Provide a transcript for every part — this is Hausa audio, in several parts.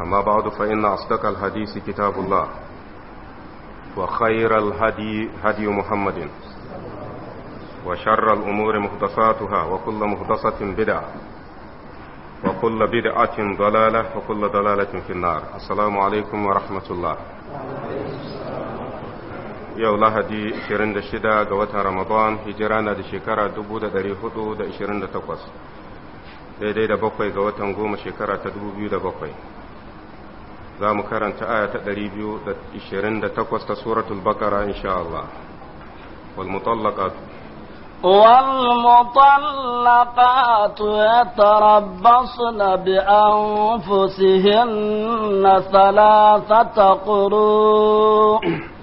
أما بعد فإن أصدق الحديث كتاب الله وخير الهدي هدي محمد وشر الأمور محدثاتها وكل محدثة بدعة وكل بدعة ضلالة وكل ضلالة في النار السلام عليكم ورحمة الله yau lahadi 26 ga watan ramadan hijira na da shekara 428 daidai da bakwai ga watan goma shekara ta 2007 za mu karanta aya ta 228 ta suratul bakara insha Allah wal mutallaqat والمطلقات يتربصن بأنفسهن ثلاثة قروء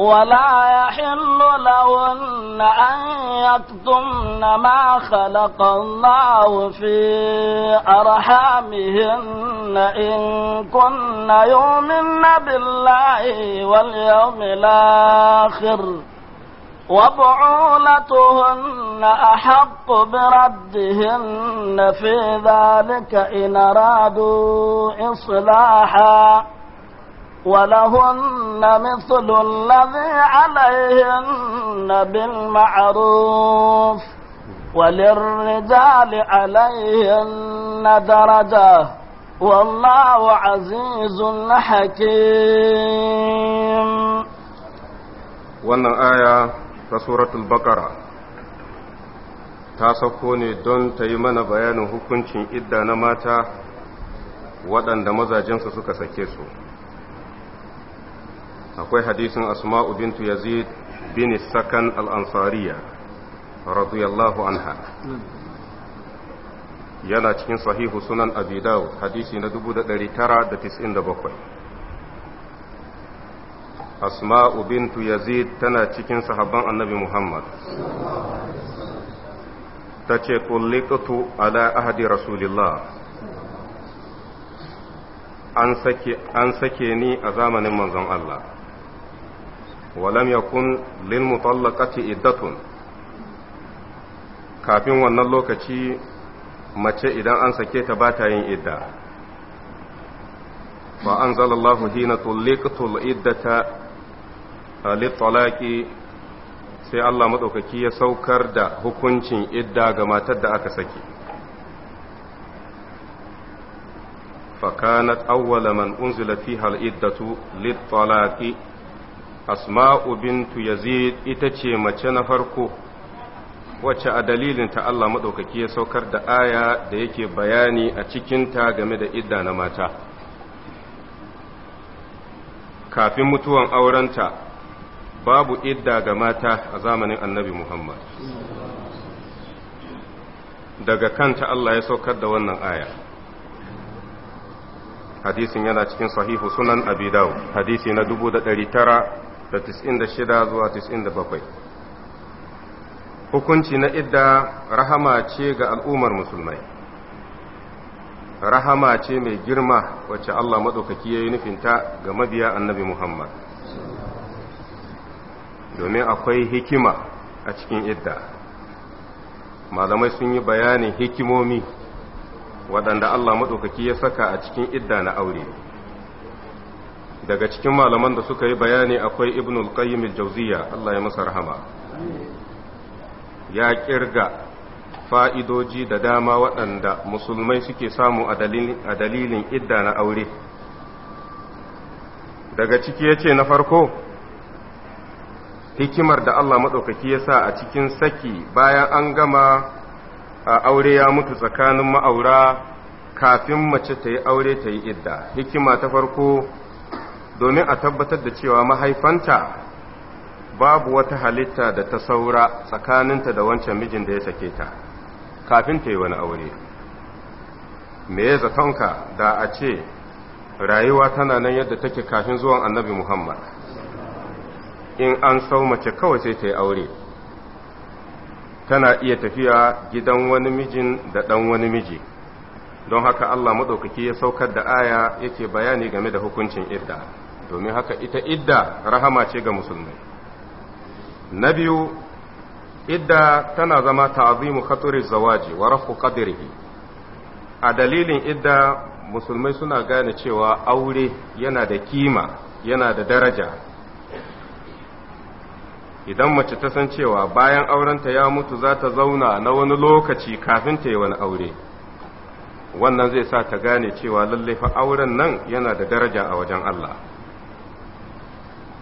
ولا يحل لهن أن يكتمن ما خلق الله في أرحامهن إن كن يؤمن بالله واليوم الآخر وبعولتهن أحق بردهن في ذلك إن أرادوا إصلاحاً ولهن مثل الذي عليهن بالمعروف وللرجال عليهن درجة والله عزيز حكيم wannan aya ta suratul Baƙara ta sauko ne don ta yi mana bayanin hukuncin idda na mata waɗanda mazajensu suka sake su akwai hadisin asma'u bintu yazid bin sakan al'ansariya radiyallahu anha yana cikin sahihu sunan abi dawud hadisi na 1997 asma'u bintu yazid tana cikin sahabban annabi muhammad ta ce kullikatu ala ahadi rasulillah an sake ni a zamanin manzon Allah ولم يكن للمطلقة عدة kafin wannan lokaci mace idan an sake ta ba ta yin idda ba an zalallahu hina tulliqtul iddata lit-talaqi sai Allah madaukaki ya saukar da hukuncin idda ga matar da aka saki kanat awwala man unzila fiha al-iddatu lit-talaqi asma'u bintu yazid ita ce mace na farko wacce a dalilin ta Allah maɗaukaki ya saukar da aya da yake bayani a cikinta game da idda na mata kafin mutuwan aurenta babu idda ga mata a zamanin annabi Muhammad daga kanta Allah ya saukar da wannan aya hadisin yana cikin sahihu sunan abi dawud hadisi na 1900 da 96 zuwa 97 hukunci na idda rahama ce ga al'ummar musulmai rahama ce mai girma wacce Allah maɗaukaki ya yi nufinta ga mabiya annabi Muhammad domin akwai hikima a cikin idda malamai sun yi bayanin hikimomi waɗanda Allah maɗaukaki ya saka a cikin idda na aure daga cikin malaman da suka yi bayani akwai al qayyim al-jawziya Allah ya masa rahama ya kirga fa'idoji da dama waɗanda musulmai suke samu a dalilin idda na aure daga ciki yace na farko hikimar da Allah maɗaukaki ya sa a cikin saki bayan an gama a aure ya mutu tsakanin ma'aura kafin mace ta yi aure ta yi idda hikima ta farko domin a tabbatar da cewa mahaifanta babu wata halitta da ta saura tsakaninta da wancan mijin da ya sake ta kafin ta yi wani aure me ya zatonka da a ce rayuwa tana nan yadda take kafin zuwan annabi muhammad in an sau mace kawai sai ta yi aure tana iya tafiya gidan wani mijin da ɗan wani miji don haka Allah maɗaukaki ya saukar da aya yake bayani game da hukuncin idda domin haka ita idda rahama ce ga musulmai na biyu idda tana zama ta'azimu khaturi zawaji wa rafu qadrihi a dalilin idda musulmai suna gane cewa aure yana da kima yana da daraja idan mace ta san cewa bayan aurenta ya mutu za ta zauna na wani lokaci kafin ta yi wani aure wannan zai sa ta gane cewa lallai fa auren nan yana da daraja a wajen Allah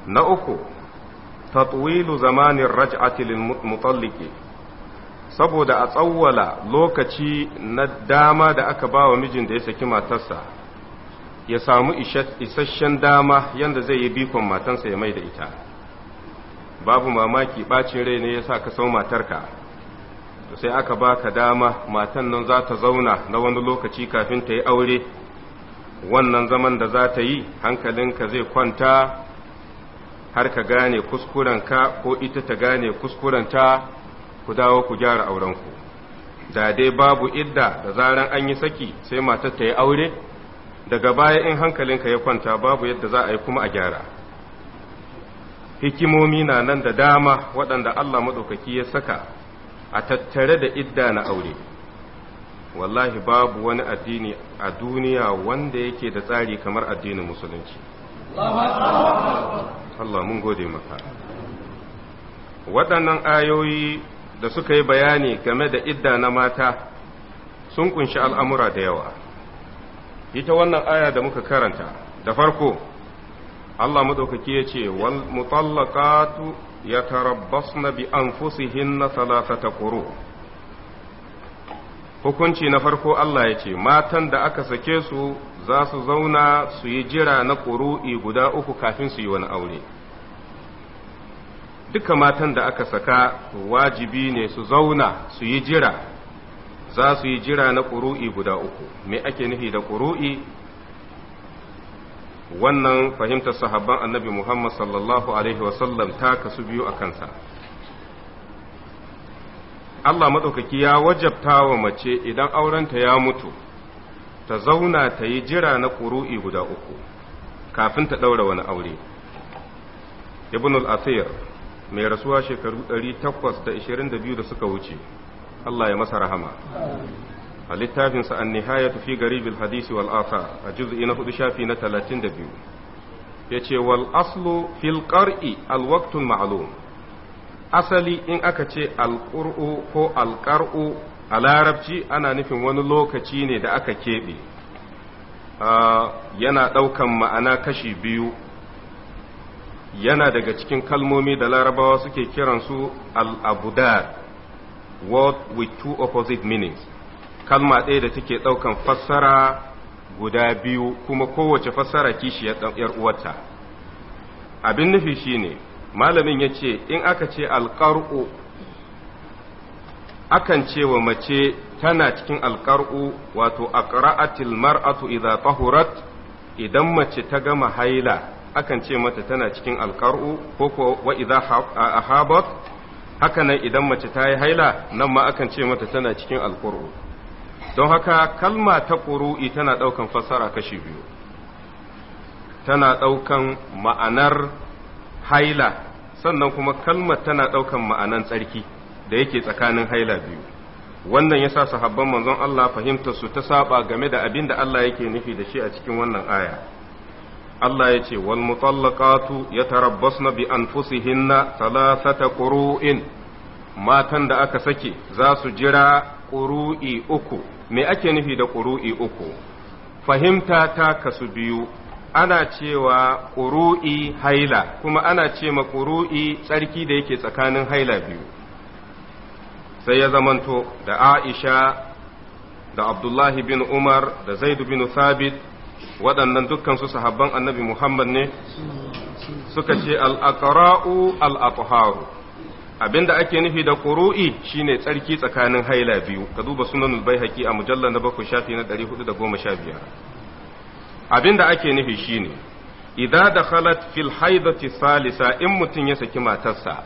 na uku tatwilu zamanin raj'ati lil mutalliki saboda a tsawwala lokaci na dama da aka ba wa mijin da ya saki matarsa ya samu isasshen dama yadda zai yi bikon matansa ya mai da ita babu mamaki ɓacin rai ne ya sa ka sau matarka to sai aka baka dama matan nan za ta zauna na wani lokaci kafin ta yi aure wannan zaman da za ta yi hankalinka zai kwanta har ka gane kuskurenka ko ita ta gane kuskurenta ku dawo ku gyara aurenku da dai babu idda da zaran an yi saki sai matar ta yi aure daga baya in hankalinka ya kwanta babu yadda za a yi kuma a gyara hikimomi na nan da dama waɗanda Allah maɗaukaki ya saka a tattare da idda na aure wallahi babu wani addini a duniya wanda yake da tsari kamar addinin musulunci Allah mun gode maka waɗannan ayoyi da suka yi bayani game da idda na mata sun kunshi al'amura da yawa ita wannan aya da muka karanta da farko Allah maɗaukaki ya ce wal tu ya tarabbas na bi an fusihin na salasata kuro hukunci na farko Allah ya ce matan da aka sake su za su zauna su yi jira na ƙuru'i guda uku kafin su yi wani aure duka matan da aka saka wajibi ne su zauna su yi jira za su yi jira na ƙuru'i guda uku me ake nufi da ƙuru'i wannan fahimtar sahabban annabi muhammad sallallahu alaihi wasallam ta kasu biyu a kansa Allah maɗaukaki ya wajabta wa mace idan aurenta ya mutu ta zauna ta yi jira na ƙuru'i guda uku kafin ta ɗaura wani aure ibn al-asir mai rasuwa shekaru 822 da suka wuce Allah ya masa rahama a littafinsa an nihayatu fi garibil hadisi wal asa a juz'i na hudu shafi na ya ce wal aslu fil qar'i al waqtul ma'lum asali in aka ce alƙur'u ko alƙar'u a larabci ana nufin wani lokaci ne da aka keɓe ah, yana ɗaukan ma'ana kashi biyu yana daga cikin kalmomi da larabawa suke kiransu al'abudar word with two opposite meanings kalma ɗaya da take ɗaukan fassara guda biyu kuma kowace fassara kishi kishiyar uwarta abin nufi shine malamin ya ce in aka ce alƙar'u akan ce wa mace tana cikin alƙar'u wato aqra'atil mar'atu idza tahurat idan mace ta gama haila akan ce mata tana cikin alƙar'u ko ko wa idza ahabat haka nan idan mace ta yi haila nan ma akan ce mata tana cikin alƙar'u don haka kalma ta ƙuru'i tana ɗaukan fassara kashi biyu tana ɗaukan ma'anar haila sannan kuma kalmar tana ɗaukan ma'anan tsarki da yake tsakanin haila biyu wannan yasa sahabban manzon Allah fahimtar su ta saba game da abin da Allah yake nufi da shi a cikin wannan aya Allah ya ce wal mutallaqatu yatarabbasna bi anfusihinna thalathata quru'in matan da aka sake za su jira ƙuru'i uku me ake nufi da ƙuru'i uku fahimta ta kasu biyu ana cewa ƙuru'i haila kuma ana ce ma ƙuru'i tsarki da yake tsakanin haila biyu sai ya zamanto da aisha da abdullahi bin umar da zaidu bin thabit waɗannan dukkansu sahabban annabi muhammad ne suka ce al'aƙara'u al'aƙaharu abinda ake nufi da ƙuru'i shine tsarki tsakanin haila biyu ka duba sunan bai a mujallar na bakwai shafi na 415 abin da ake nufi shine idan da khalat fil haidati salisa in mutum ya saki matarsa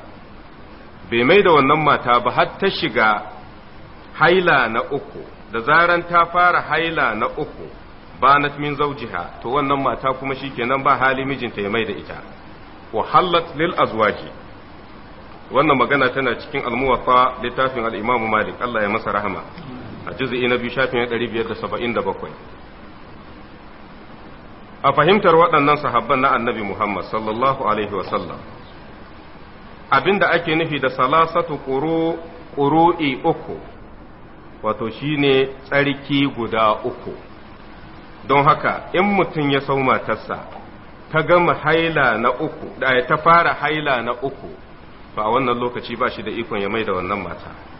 bai mai da wannan mata ba har ta shiga haila na uku da zaran ta fara haila na uku ba na min zaujiha to wannan mata kuma shikenan ba hali mijinta ya mai da ita wa halat lil azwaji wannan magana tana cikin almuwafa littafin Al'imamu malik Allah ya masa rahama a juz'i na biyu shafin 577 a fahimtar waɗannan sahabban na annabi Muhammad sallallahu Alaihi wasallam abin da ake nufi da salasatu ƙuru'i uku wato shi ne tsarki guda uku don haka in mutum ya sau matarsa ta gama haila na uku da ta fara haila na uku to a wannan lokaci ba shi da ikon ya mai da wannan mata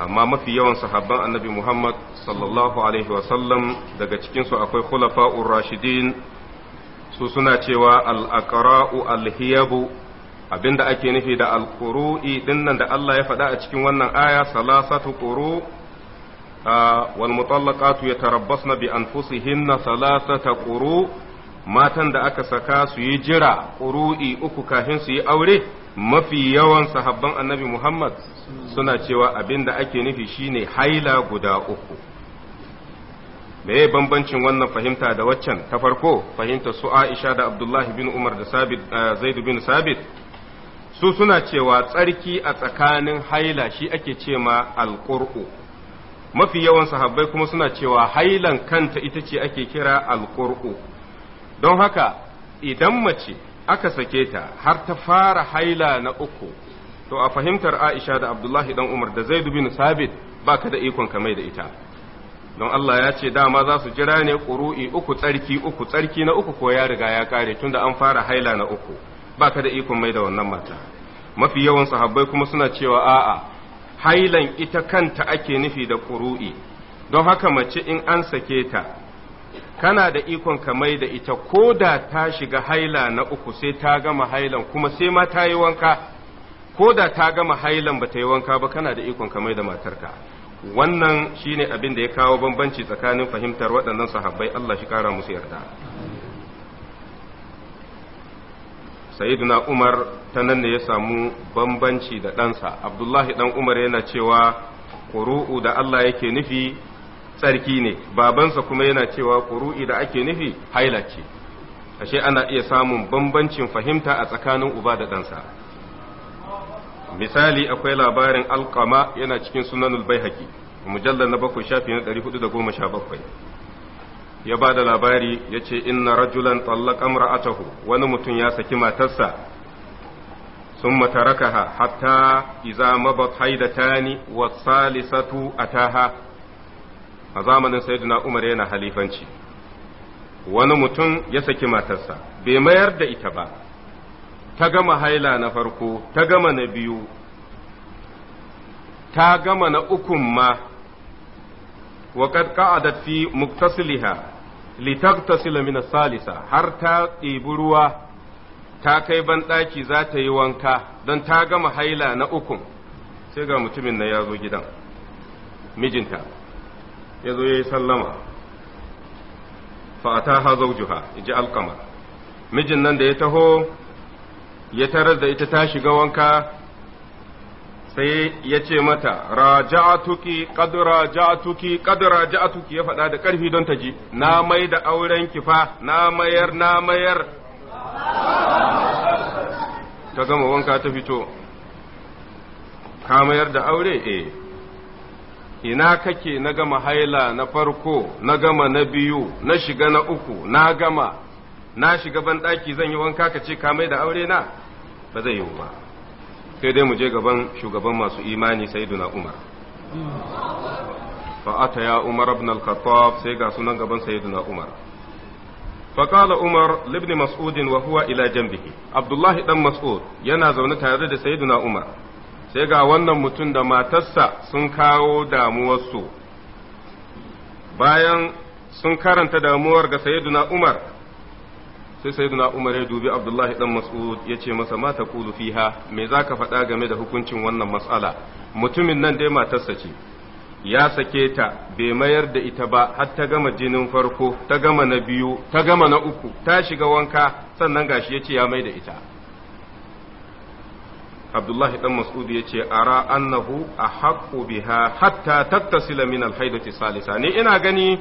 amma mafi yawan sahabban annabi Muhammad sallallahu alaihi wasallam daga cikinsu akwai khulafa'ur rashidin su suna cewa al-aqra'u al-hiyabu abinda ake nufi da al-quru'i dinnan da Allah ya faɗa a cikin wannan aya salasatu ƙuru ah, wal mutallaqatu yatarabbasna bi anfusihinna salasata ƙuru matan da aka saka su yi jira ƙuru'i uku kafin su yi aure mafi yawan sahabban annabi Muhammad suna cewa abin da ake nufi shine haila guda uku. Me bambancin wannan fahimta da waccan ta farko fahimta su Aisha da Abdullahi bin Umar da eh, Zaidu bin Sabit su suna cewa tsarki a tsakanin haila shi ake ce ma alƙur'u. Mafi yawan sahabbai kuma suna cewa hailan kanta ita ce ake kira alƙur'u. don haka idan mace aka sake ta har ta fara haila na uku to a fahimtar Aisha da Abdullahi dan Umar da Zaid bin Sabit baka da ikon ka mai da ita don Allah ya ce dama za su jira ne ƙuru'i uku tsarki uku tsarki na uku ko ya riga ya kare tunda an fara haila na uku baka da ikon mai da wannan mata mafi yawan sahabbai kuma suna cewa a'a hailan ita kanta ake nufi da ƙuru'i don haka mace in an sake ta kana da ikon ka mai da ita ko da ta shiga haila na uku sai ta gama hailan kuma sai ma ta yi wanka ko da ta gama hailan ba ta yi wanka ba kana da ikon ka mai da matarka wannan shine abin da ya kawo bambanci tsakanin fahimtar waɗannan sahabbai Allah shi kara musu yarda sayyiduna Umar ta nan ne ya samu bambanci da ɗansa Abdullahi ɗan Umar yana cewa kuru'u da Allah yake nufi tsarki ne babansa kuma yana cewa ƙuru'i da ake nufi haila ce ashe ana iya samun bambancin fahimta a tsakanin uba da ɗansa misali akwai labarin alkama yana cikin sunanul baihaqi mujallar na bakwai shafi na 417 ya ba da labari ya ce inna rajulan tallaka imra'atahu wani mutum ya saki matarsa ثم تركها حتى إذا مضت wa salisatu ataha a zamanin sayyidina Umar yana halifanci wani mutum ya saki matarsa bai mayar da ita ba ta gama haila na farko ta gama na biyu ta gama na ukun ma وقد قعدت في مقتصلها لتغتسل من salisa har ta ɗebi ruwa ta kai banɗaki za ta yi wanka don ta gama haila na ukun sai ga mutumin na yazo gidan mijinta ya zo ya yi sallama fa'ata ha zaujuha ji alkama mijin nan da ya taho ya tarar da ita ta shiga wanka sai ya ce mata raja'atuki qad raja'atuki qad raja'atuki ya faɗa da ƙarfi don ta ji na mai da auren kifa na mayar na mayar ta gama wanka ta fito ka mayar da aure eh ina kake na gama haila na farko na gama na biyu na shiga na uku na gama na shiga ban ɗaki zan yi wanka ka ce ka mai da aure na ba zai yiwu ba sai dai mu je gaban shugaban masu imani sayyiduna umar fa ata ya umar ibn al-khattab sai ga sunan gaban sayyiduna umar fa qala umar ibn mas'ud wa huwa ila janbihi abdullah dan mas'ud yana zaune tare da sayyiduna umar sai ga wannan mutum da matarsa sun kawo damuwarsu bayan sun karanta damuwar ga sayyiduna Umar sai sayyiduna Umar ya dubi Abdullahi dan Mas'ud ya ce masa mata kulu fiha me zaka faɗa game da hukuncin wannan matsala mutumin nan dai matarsa ce ya sake ta bai mayar da ita ba har ta gama jinin farko ta gama na biyu ta gama na uku ta shiga wanka sannan gashi ya ce ya mai da ita abdullahi dan mas'ud ya ce ara annahu a haƙo biha hatta tattasila min alhaidati salisa ne ina gani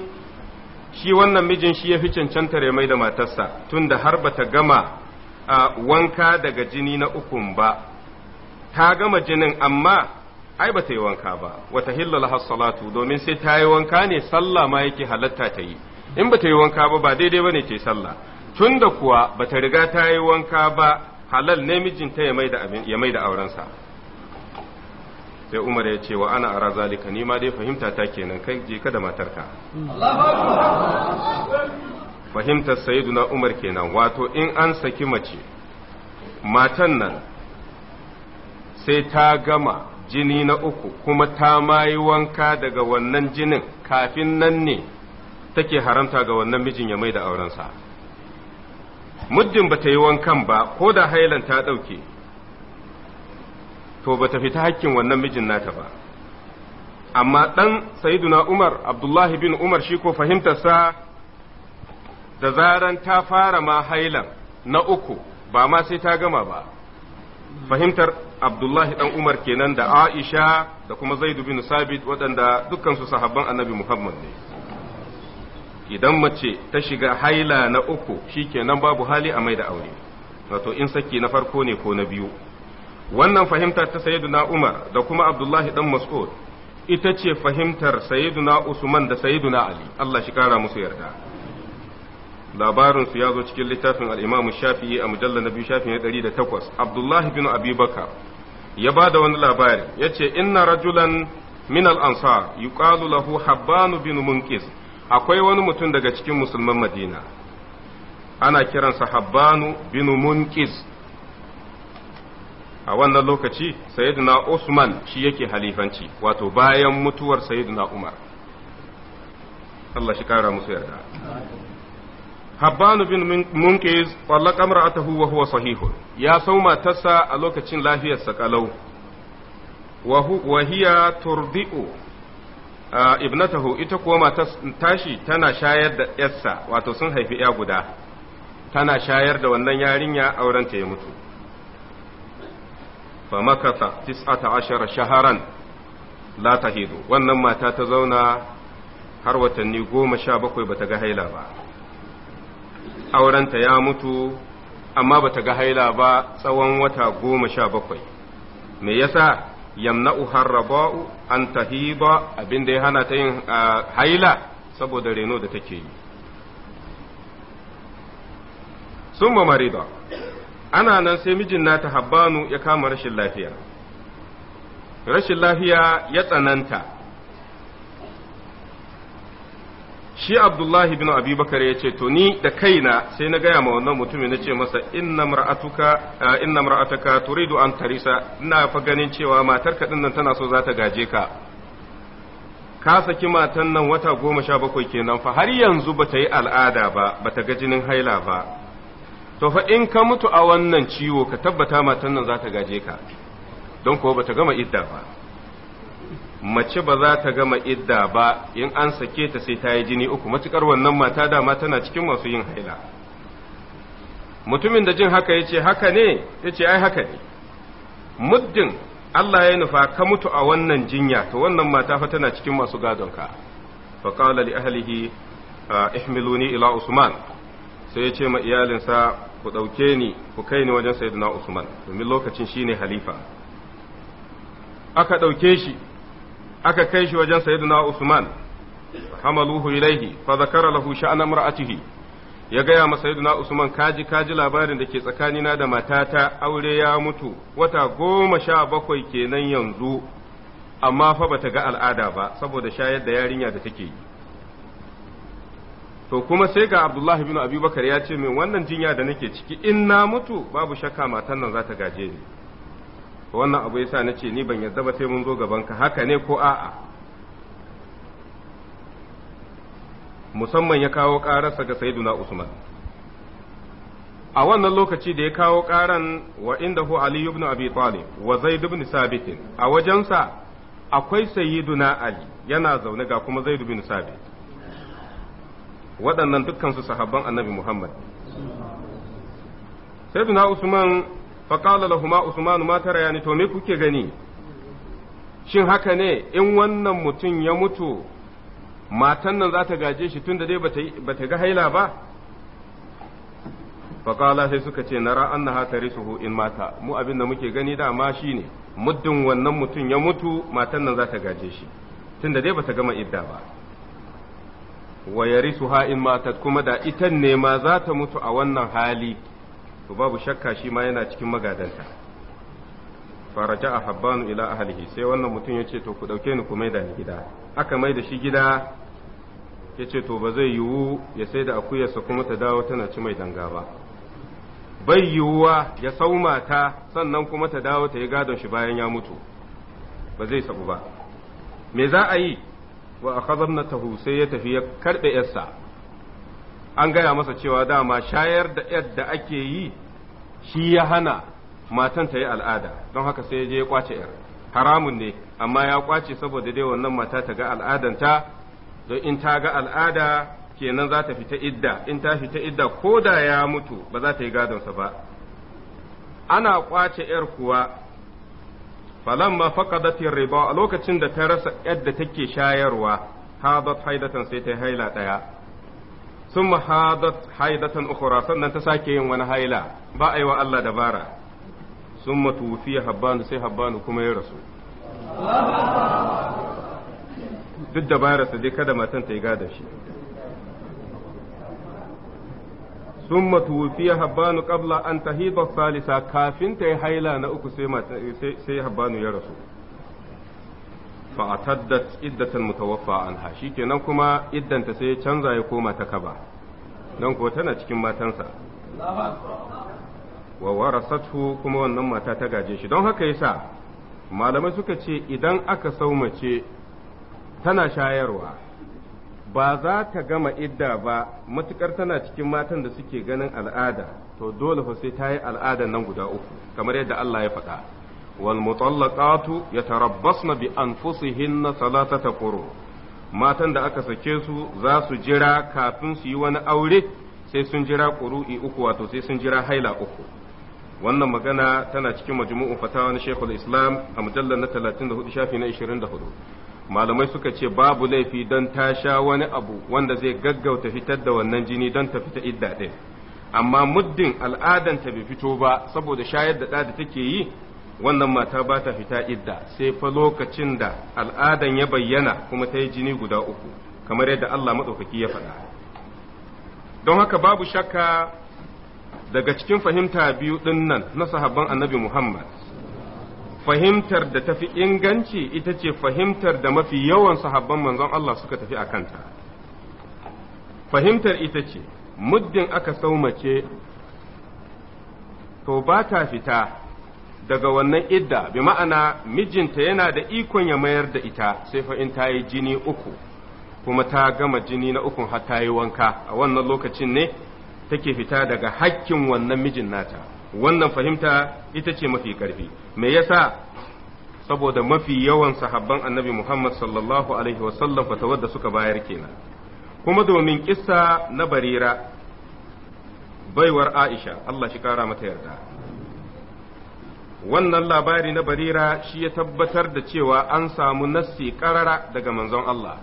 shi wannan mijin shi ya fi cancantar ya mai da matarsa tunda har bata gama wanka daga jini na ukun ba ta gama jinin amma ai bata yi wanka ba wata hillala hasalatu domin sai ta yi wanka ne sallah ma yake halatta ta yi in bata yi wanka ba ba daidai bane ce sallah tunda kuwa bata riga ta yi wanka ba halal ne mijinta ya maida da aurensa sai Umar ya ce wa ana ara zalika ni ma dai fahimta ta kenan kai je ka da matarka fahimtar sayyiduna Umar kenan wato in an saki mace matan nan sai ta gama jini na uku kuma ta mayi wanka daga wannan jinin kafin nan ne take haramta ga wannan mijin ya mai da aurensa. muddin ba ta yi wankan ba ko da hailan ta ɗauke to ba ta fita hakkin wannan mijin nata ba amma ɗan sayiduna umar abdullahi bin umar shi ko fahimtarsa da zaran ta fara ma hailan na uku ba ma sai ta gama ba fahimtar abdullahi ɗan umar kenan da aisha da kuma zaidu bin sabit waɗanda dukkansu sahabban annabi muhammad ne idan mace ta shiga haila na uku shi shikenan babu hali a mai da aure wato in saki na farko ne ko na biyu wannan fahimtar ta sayyiduna Umar da kuma Abdullahi dan Mas'ud ita ce fahimtar sayyiduna Usman da sayyiduna Ali Allah shi kara musu yarda labarin su ya zo cikin littafin al-Imam Shafi'i a mujallal na biyu da 108 Abdullahi bin Abi Bakar ya ba da wani labari ya ce inna rajulan min al-ansar yuqalu lahu Habbanu bin Munqis akwai wani mutum daga cikin musulman madina ana kiransa habbanu bin munkiz a wannan lokaci Sayyidina usman shi yake halifanci wato bayan mutuwar Sayyidina umar Allah shi kara musu yarda habbanu bin munkiz tsallaka mar'atahu wa huwa sahihun ya sau matarsa a lokacin lafiyarsa kalau wa hiya turdi'u ibnatahu ita kuwa mata tashi tana shayar da yarsa wato sun haifi ya guda tana shayar da wannan yarinya aurenta ya mutu fa makata tis'ata ashara shaharan la tahidu wannan mata ta zauna har watanni goma sha bakwai bata ga haila ba aurenta ya mutu amma bata ga haila ba tsawon wata goma sha bakwai me yasa yamna'u harraba'u an tahiba abin da ya hana ta yin haila saboda reno da take yi sun marida ana nan sai mijin nata habbanu ya kama rashin lafiya rashin lafiya ya tsananta shi abdullahi bin abi bakar ya ce to ni da kaina sai na gaya ma wannan mutumin na ce masa inna ka eh, mar'ataka turidu an tarisa ina fa ganin cewa matar ka nan tana so za ta gaje ka ka saki matan nan wata goma sha bakwai kenan fa har yanzu ba ta yi al'ada ba ba ta ga jinin haila ba to fa in ka mutu a wannan ciwo ka tabbata matan nan za ta gaje ka don kuwa ba ta gama idda ba mace ba za ta gama idda ba in an sake ta sai ta yi jini uku matukar wannan mata dama tana cikin masu yin haila mutumin da jin haka ya ce haka ne ya ce ai haka ne muddin Allah ya nufa ka mutu a wannan jinya to wannan mata fa tana cikin masu gadonka fa qala li ahlihi ihmiluni ila usman sai yace ma iyalinsa ku dauke ni ku kai ni wajen sayyidina usman domin lokacin shine halifa aka dauke shi aka kai shi wajen sayyiduna Usman hamaluhu ilaihi fa zakara lahu sha'an imra'atihi ya gaya masa sayyiduna Usman kaji kaji labarin da ke tsakanina da matata aure ya mutu wata goma sha bakwai kenan yanzu amma fa bata ga al'ada ba saboda shayar da yarinya da take yi to kuma sai ga Abdullahi bin Abubakar ya ce min wannan jinya da nake ciki in na mutu babu shakka matan nan za ta gaje ni wannan abu yasa na ce ni ban yarda ba sai mun zo gaban ka haka ne ko a'a musamman ya kawo ƙararsa ga sayyiduna usman a wannan lokaci da ya kawo ƙaran wa inda hu Ali ibn Abi Talib wa Zaid ibn Sabit a wajensa akwai sayyiduna Ali yana zaune ga kuma Zaid ibn Sabit waɗannan dukkan su sahabban Annabi Muhammad sayyiduna Usman faƙala lahuma usmanu ma tara yani to me kuke gani shin haka ne in wannan mutum ya mutu matan nan za ta gaje shi tun da dai ba ta ga haila ba faƙala sai suka ce na ra'an na su in mata mu abin da muke gani dama shi ne muddin wannan mutum ya mutu matan nan za ta gaje shi tun da dai ba ta gama idda ba wa su in matat kuma da ita ne ma za ta mutu a wannan hali to babu shakka shi ma yana cikin magadanta faraja a habbanu ila ahalihi sai wannan mutum ya ce to ku ɗauke ni ku maida ni gida aka mai da shi gida ya ce to ba zai yiwu ya sai da akuyarsa kuma ta dawo tana ci mai danga ba bai yiwuwa ya sauma ta sannan kuma ta dawo ta yi gadon shi bayan ya mutu ba zai sabu ba me za a yi wa akhadna tahu sai ya tafi ya karɓe yarsa an gaya masa cewa dama shayar da yadda ake yi shi ya hana matan ta yi al'ada don haka sai ya je ya kwace yar haramun ne amma ya kwace saboda dai wannan mata ta ga al'adanta don in ta ga al'ada kenan za ta fita idda in ta fita idda ko da ya mutu ba za ta yi gadonsa ba ana kwace yar kuwa falamma faqadatir riba a lokacin da ta rasa yadda take shayarwa hadat haidatan sai ta haila daya sun mahadat haidatan ukhra sannan ta sake yin wani haila ba a yi wa Allah dabara sun matufi habbanu sai habbanu kuma ya rasu duk dabararsa dai kada matan ta yi gada shi sun matufi habbanu qabla an tahida salisa kafin ta yi haila na uku sai habbanu ya rasu fa ataddat iddatan mutawaffa anha kenan kuma iddanta sai ya canza ya koma ta kaba nan ko tana cikin matansa wa warasathu kuma wannan mata ta gaje shi don haka yasa malamai suka ce idan aka saumace tana shayarwa ba za ta gama idda ba matukar tana cikin matan da suke ganin al'ada to dole fa sai ta yi al'adan nan guda uku kamar yadda Allah ya faɗa walmutallaqatu yatarabbasna bi anfusihinna salatata quru matan da aka sake su za su jira kafin su yi wani aure sai sun jira ƙuru'i uku wato sai sun jira haila uku wannan magana tana cikin majmu'u fatawa na Sheikhul Islam a mujallar na 34 shafi na 24 malamai suka ce babu laifi don ta sha wani abu wanda zai gaggauta fitar da wannan jini don ta idda ɗin amma muddin al'adanta bai fito ba saboda shayar da ɗa take yi wannan mata ba ta fita idda sai fa lokacin da al'adan ya bayyana kuma ta yi jini guda uku kamar yadda Allah maɗaukaki ya faɗa don haka babu shakka daga cikin fahimta biyu ɗin nan na sahabban annabi Muhammad fahimtar da tafi inganci ita ce fahimtar da mafi yawan sahabban manzon Allah suka tafi a kanta fahimtar ita ce muddin aka saumace to ba ta fita daga wannan idda bi ma'ana mijinta yana da ikon ya mayar da ita sai fa in ta yi jini uku kuma ta gama jini na ukun har ta yi wanka a wannan lokacin ne take fita daga hakkin wannan mijin nata wannan fahimta ita ce mafi karfi me yasa saboda mafi yawan sahabban annabi Muhammad sallallahu alaihi wasallam Fata da suka bayar kenan kuma domin kissa na barira baiwar Aisha Allah shi kara mata yarda wannan labari na barira shi ya tabbatar da cewa an samu nassi karara daga manzon Allah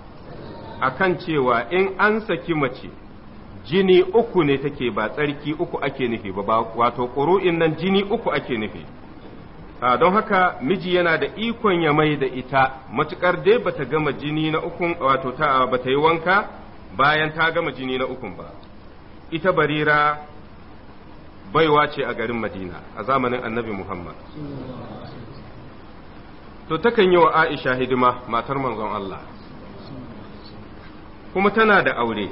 akan cewa in an saki mace jini uku ne take ba tsarki uku ake nufi ba wato ƙuru'in nan jini uku ake nufi don haka miji yana da ikon ya mai da ita matukar dai bata gama jini na ukun wato ta bata yi wanka bayan ta gama jini na ukun ba ita barira baiwa ce a garin madina a zamanin annabi muhammad to takan yi wa aisha hidima matar manzon allah kuma tana da aure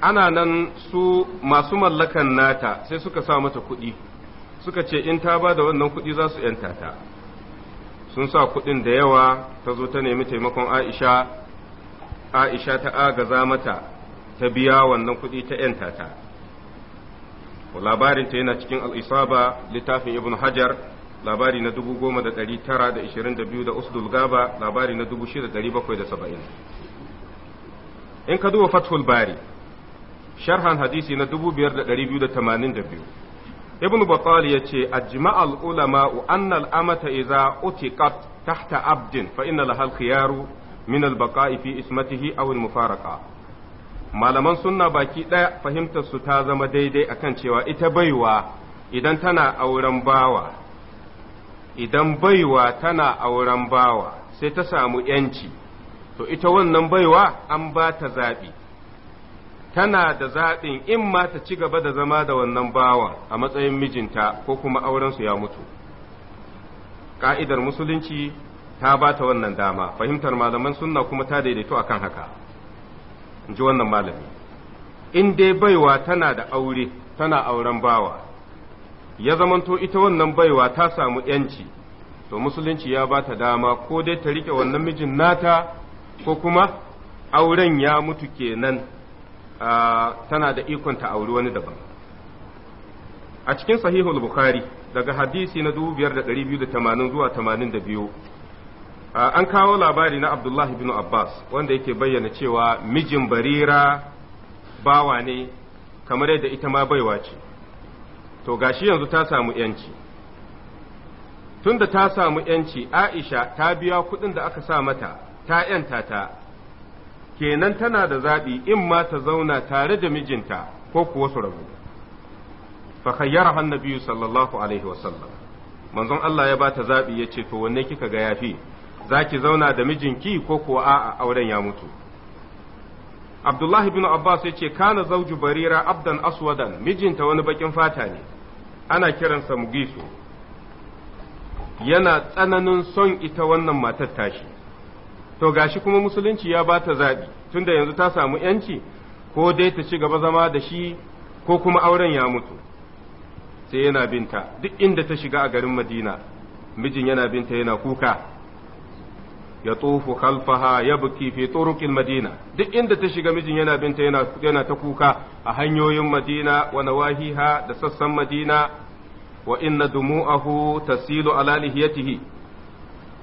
ana nan su masu mallakan nata sai suka sa mata kuɗi suka ce in ta ba da wannan kuɗi za su ‘yanta ta sun sa kuɗin da yawa ta zo ta nemi taimakon aisha aisha ta agaza mata ta biya wannan kuɗi ta ‘yanta ta labarinta yana cikin al'isaba littafin ibn hajar labari na dubu goma da tara da da ishirin biyu usdul gaba labari na dubu shida bakwai da saba'in. in ka duba fathul bari sharhan hadisi na dubu biyar da da da biyu tamanin biyu ibn battal ya ce a ajma'a ulama anna al'amata idza utiqat tahta abdin fa inna lahal khiyaru min al-baqa'i fi ismatihi aw al-mufaraqa malaman sunna baki ɗaya fahimtar su ta zama daidai akan cewa ita baiwa idan tana auren bawa idan baiwa tana auren bawa sai ta samu yanci to ita wannan baiwa an ba ta zaɓi tana da zaɓin in ma ta ci gaba da zama da wannan bawa a matsayin mijinta ko kuma aurensu ya mutu ƙa'idar musulunci ta ba ta wannan dama fahimtar malaman sunna kuma ta daidaito akan haka in ji wannan malami in dai baiwa tana da aure tana auren bawa ya zamanto ita wannan baiwa ta samu yanci to musulunci ya ba ta dama ko dai ta rike wannan mijin nata ko kuma auren ya mutu kenan tana da ikon ta auri wani daban a cikin sahihul bukhari daga hadisi na 2280 zuwa 82 Ah, an kawo labari na abdullahi bin abbas wanda yake bayyana cewa mijin barira bawa ne kamar yadda ita ma baiwa ce to gashi yanzu ta samu yanci tunda ta samu yanci aisha ta biya kudin da aka sa mata ta yanta ta kenan tana da zaɓi in ma ta zauna tare da mijinta ko kuwa su rabu fa khayyara annabi sallallahu alaihi wasallam manzon Allah ya ba ta zaɓi ya ce to wanne kika ga yafi za ki zauna da mijinki ko kuwa a'a auren ya mutu Abdullahi bin Abbas ya ce kana zauju barira abdan aswadan mijinta wani bakin fata ne ana kiransa mugisu yana tsananin son ita wannan matar tashi to gashi kuma musulunci ya ba ta zaɓi tunda yanzu ta samu yanci ko dai ta ci gaba zama da shi ko kuma auren ya mutu sai yana binta duk inda ta shiga a garin madina mijin yana binta yana kuka ya tsofu kalfaha ya buki fi turuqil madina duk inda ta shiga mijin yana binta yana yana ta kuka a hanyoyin madina wa nawahiha da sassan madina wa inna dumu'ahu tasilu ala lihiyatihi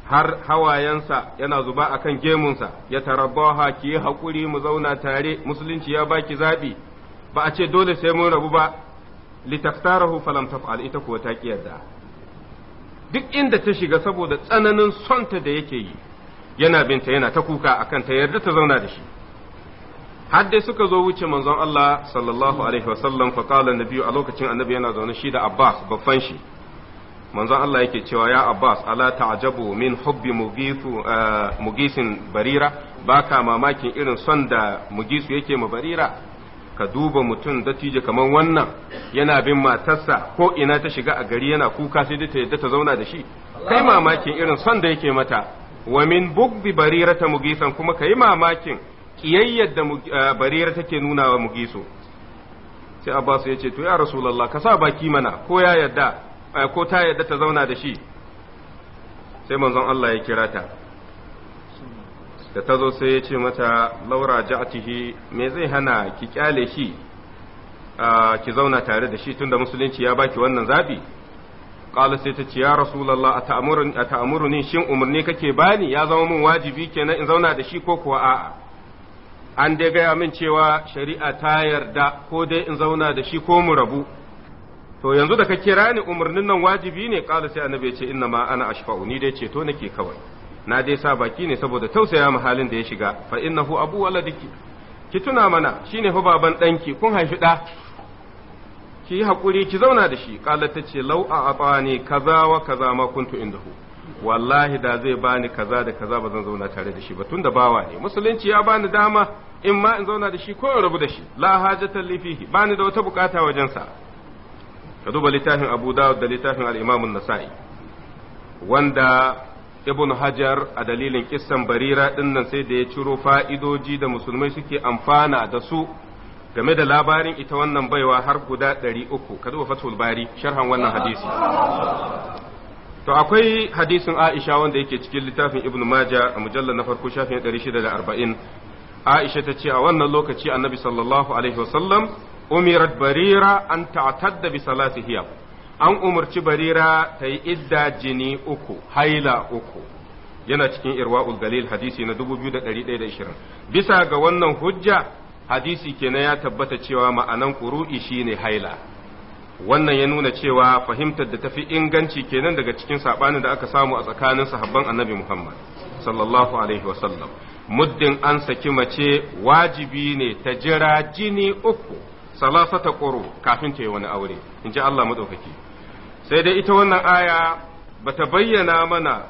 har hawayensa yana zuba akan gemunsa ya tarabbaha ki hakuri mu zauna tare musulunci ya baki zabi ba a ce dole sai mun rabu ba litaktarahu falam taf'al ita kuwa ta kiyarda duk inda ta shiga saboda tsananin sonta da yake yi yana binta yana ta kuka akan ta yarda ta zauna da shi har suka zo wuce manzon Allah sallallahu alaihi wasallam fa qala nabiyyu a lokacin annabi yana zaune shi da Abbas babban shi manzon Allah yake cewa ya Abbas ala ta'jabu min hubbi mugithu eh, mugisin barira baka mamakin irin son da mugisu yake ma barira ka duba mutum dattijo kamar wannan yana bin matarsa ko ina ta shiga a gari yana kuka sai da ta yadda ta zauna da shi kai mamakin irin son da yake mata wa min bugbi barira ta mugisan kuma ka yi mamakin kiyayyar da eh, barira take nuna wa mugiso sai abbas ya ce to ya rasulullah ka sa baki mana ko ya yadda eh, ko ta yadda ta zauna da shi sai manzon Allah ya kira ta da ta zo sai ya ce mata laura ja'atihi me zai hana ki kyale shi ah, ki zauna tare da shi tunda musulunci ya baki wannan zabi qala sai ta ce ya rasulullah a ata'muruni shin umarni kake bani ya zama min wajibi kenan in zauna da shi ko kuwa a'a an dai gaya min cewa shari'a ta yarda ko dai in zauna da shi ko mu rabu to yanzu da ka kira ni umarnin nan wajibi ne qala sai annabi ya ce inna ma ana ashfa'u ni dai ceto nake kawai na dai sa baki ne saboda tausaya ma halin da ya shiga fa innahu abu waladiki ki tuna mana shine fa baban danki kun haifi da ki yi hakuri ki zauna da shi kala ta ce lau a atani kaza wa kaza ma kuntu inda hu wallahi da zai bani kaza da kaza ba zan zauna tare da shi ba da bawa ne musulunci ya bani dama in ma in zauna da shi ko in rabu da shi la hajatan li fihi bani da wata bukata wajen sa ka duba littafin Abu Dawud da littafin al-Imam an-Nasa'i wanda Ibn Hajar a dalilin kissan Barira nan sai da ya ciro fa'idoji da musulmai suke amfana da su game da labarin ita wannan baiwa har guda ɗari uku ka zuba fatul bari sharhan wannan hadisi to akwai hadisin aisha wanda yake cikin littafin ibnu maja a mujallar na farko shafin ɗari shida da arba'in aisha ta ce a wannan lokaci annabi sallallahu alaihi wasallam umirat barira an ta'tadda bi salati an umarci barira ta yi idda jini uku haila uku yana cikin irwa'ul galil hadisi na 2120 bisa ga wannan hujja hadisi kenan ya tabbata cewa ma'anan ƙuru'i shine haila wannan ya nuna cewa fahimtar da tafi inganci kenan daga cikin saɓanin da aka samu a tsakanin sahabban annabi muhammad sallallahu alaihi wasallam muddin an saki mace wajibi ne ta jira jini uku salasata ƙoro kafin ta yi wani aure in ji allah maɗaukaki sai dai ita wannan aya bata bayyana mana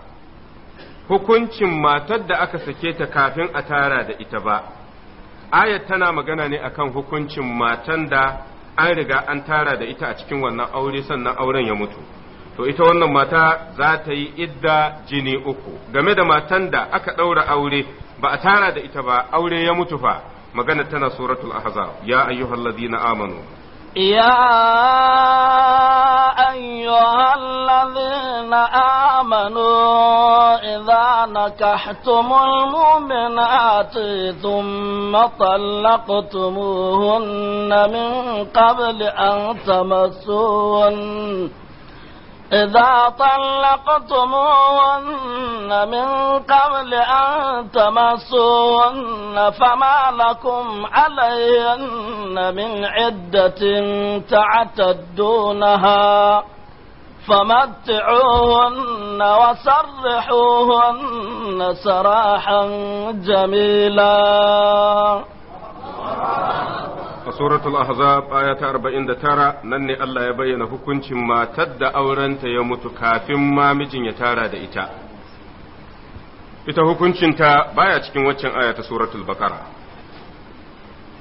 hukuncin matar da aka sake ta kafin a tara da ita ba ayat tana magana ne akan hukuncin matan da an riga an tara da ita a cikin wannan aure sannan auren ya mutu to ita wannan mata za ta yi idda jini uku game da matan da aka ɗaura aure ba a tara da ita ba aure ya mutu fa magana tana suratul ahzab ya ayyuhallazina amanu يا أيها الذين آمنوا إذا نكحتم المؤمنات ثم طلقتموهن من قبل أن تمسوهن إذا طلقتموهن من قبل أن تمسوهن فما لكم عليهن من عدة تعتدونها فمتعوهن وسرحوهن سراحا جميلا a suratul ahzab aya ta arba'in da tara, nan ne Allah ya bayyana hukuncin matar da aurenta ya mutu kafin ma mijin ya tara da ita ita hukuncinta baya cikin waccan aya ta suratul bakara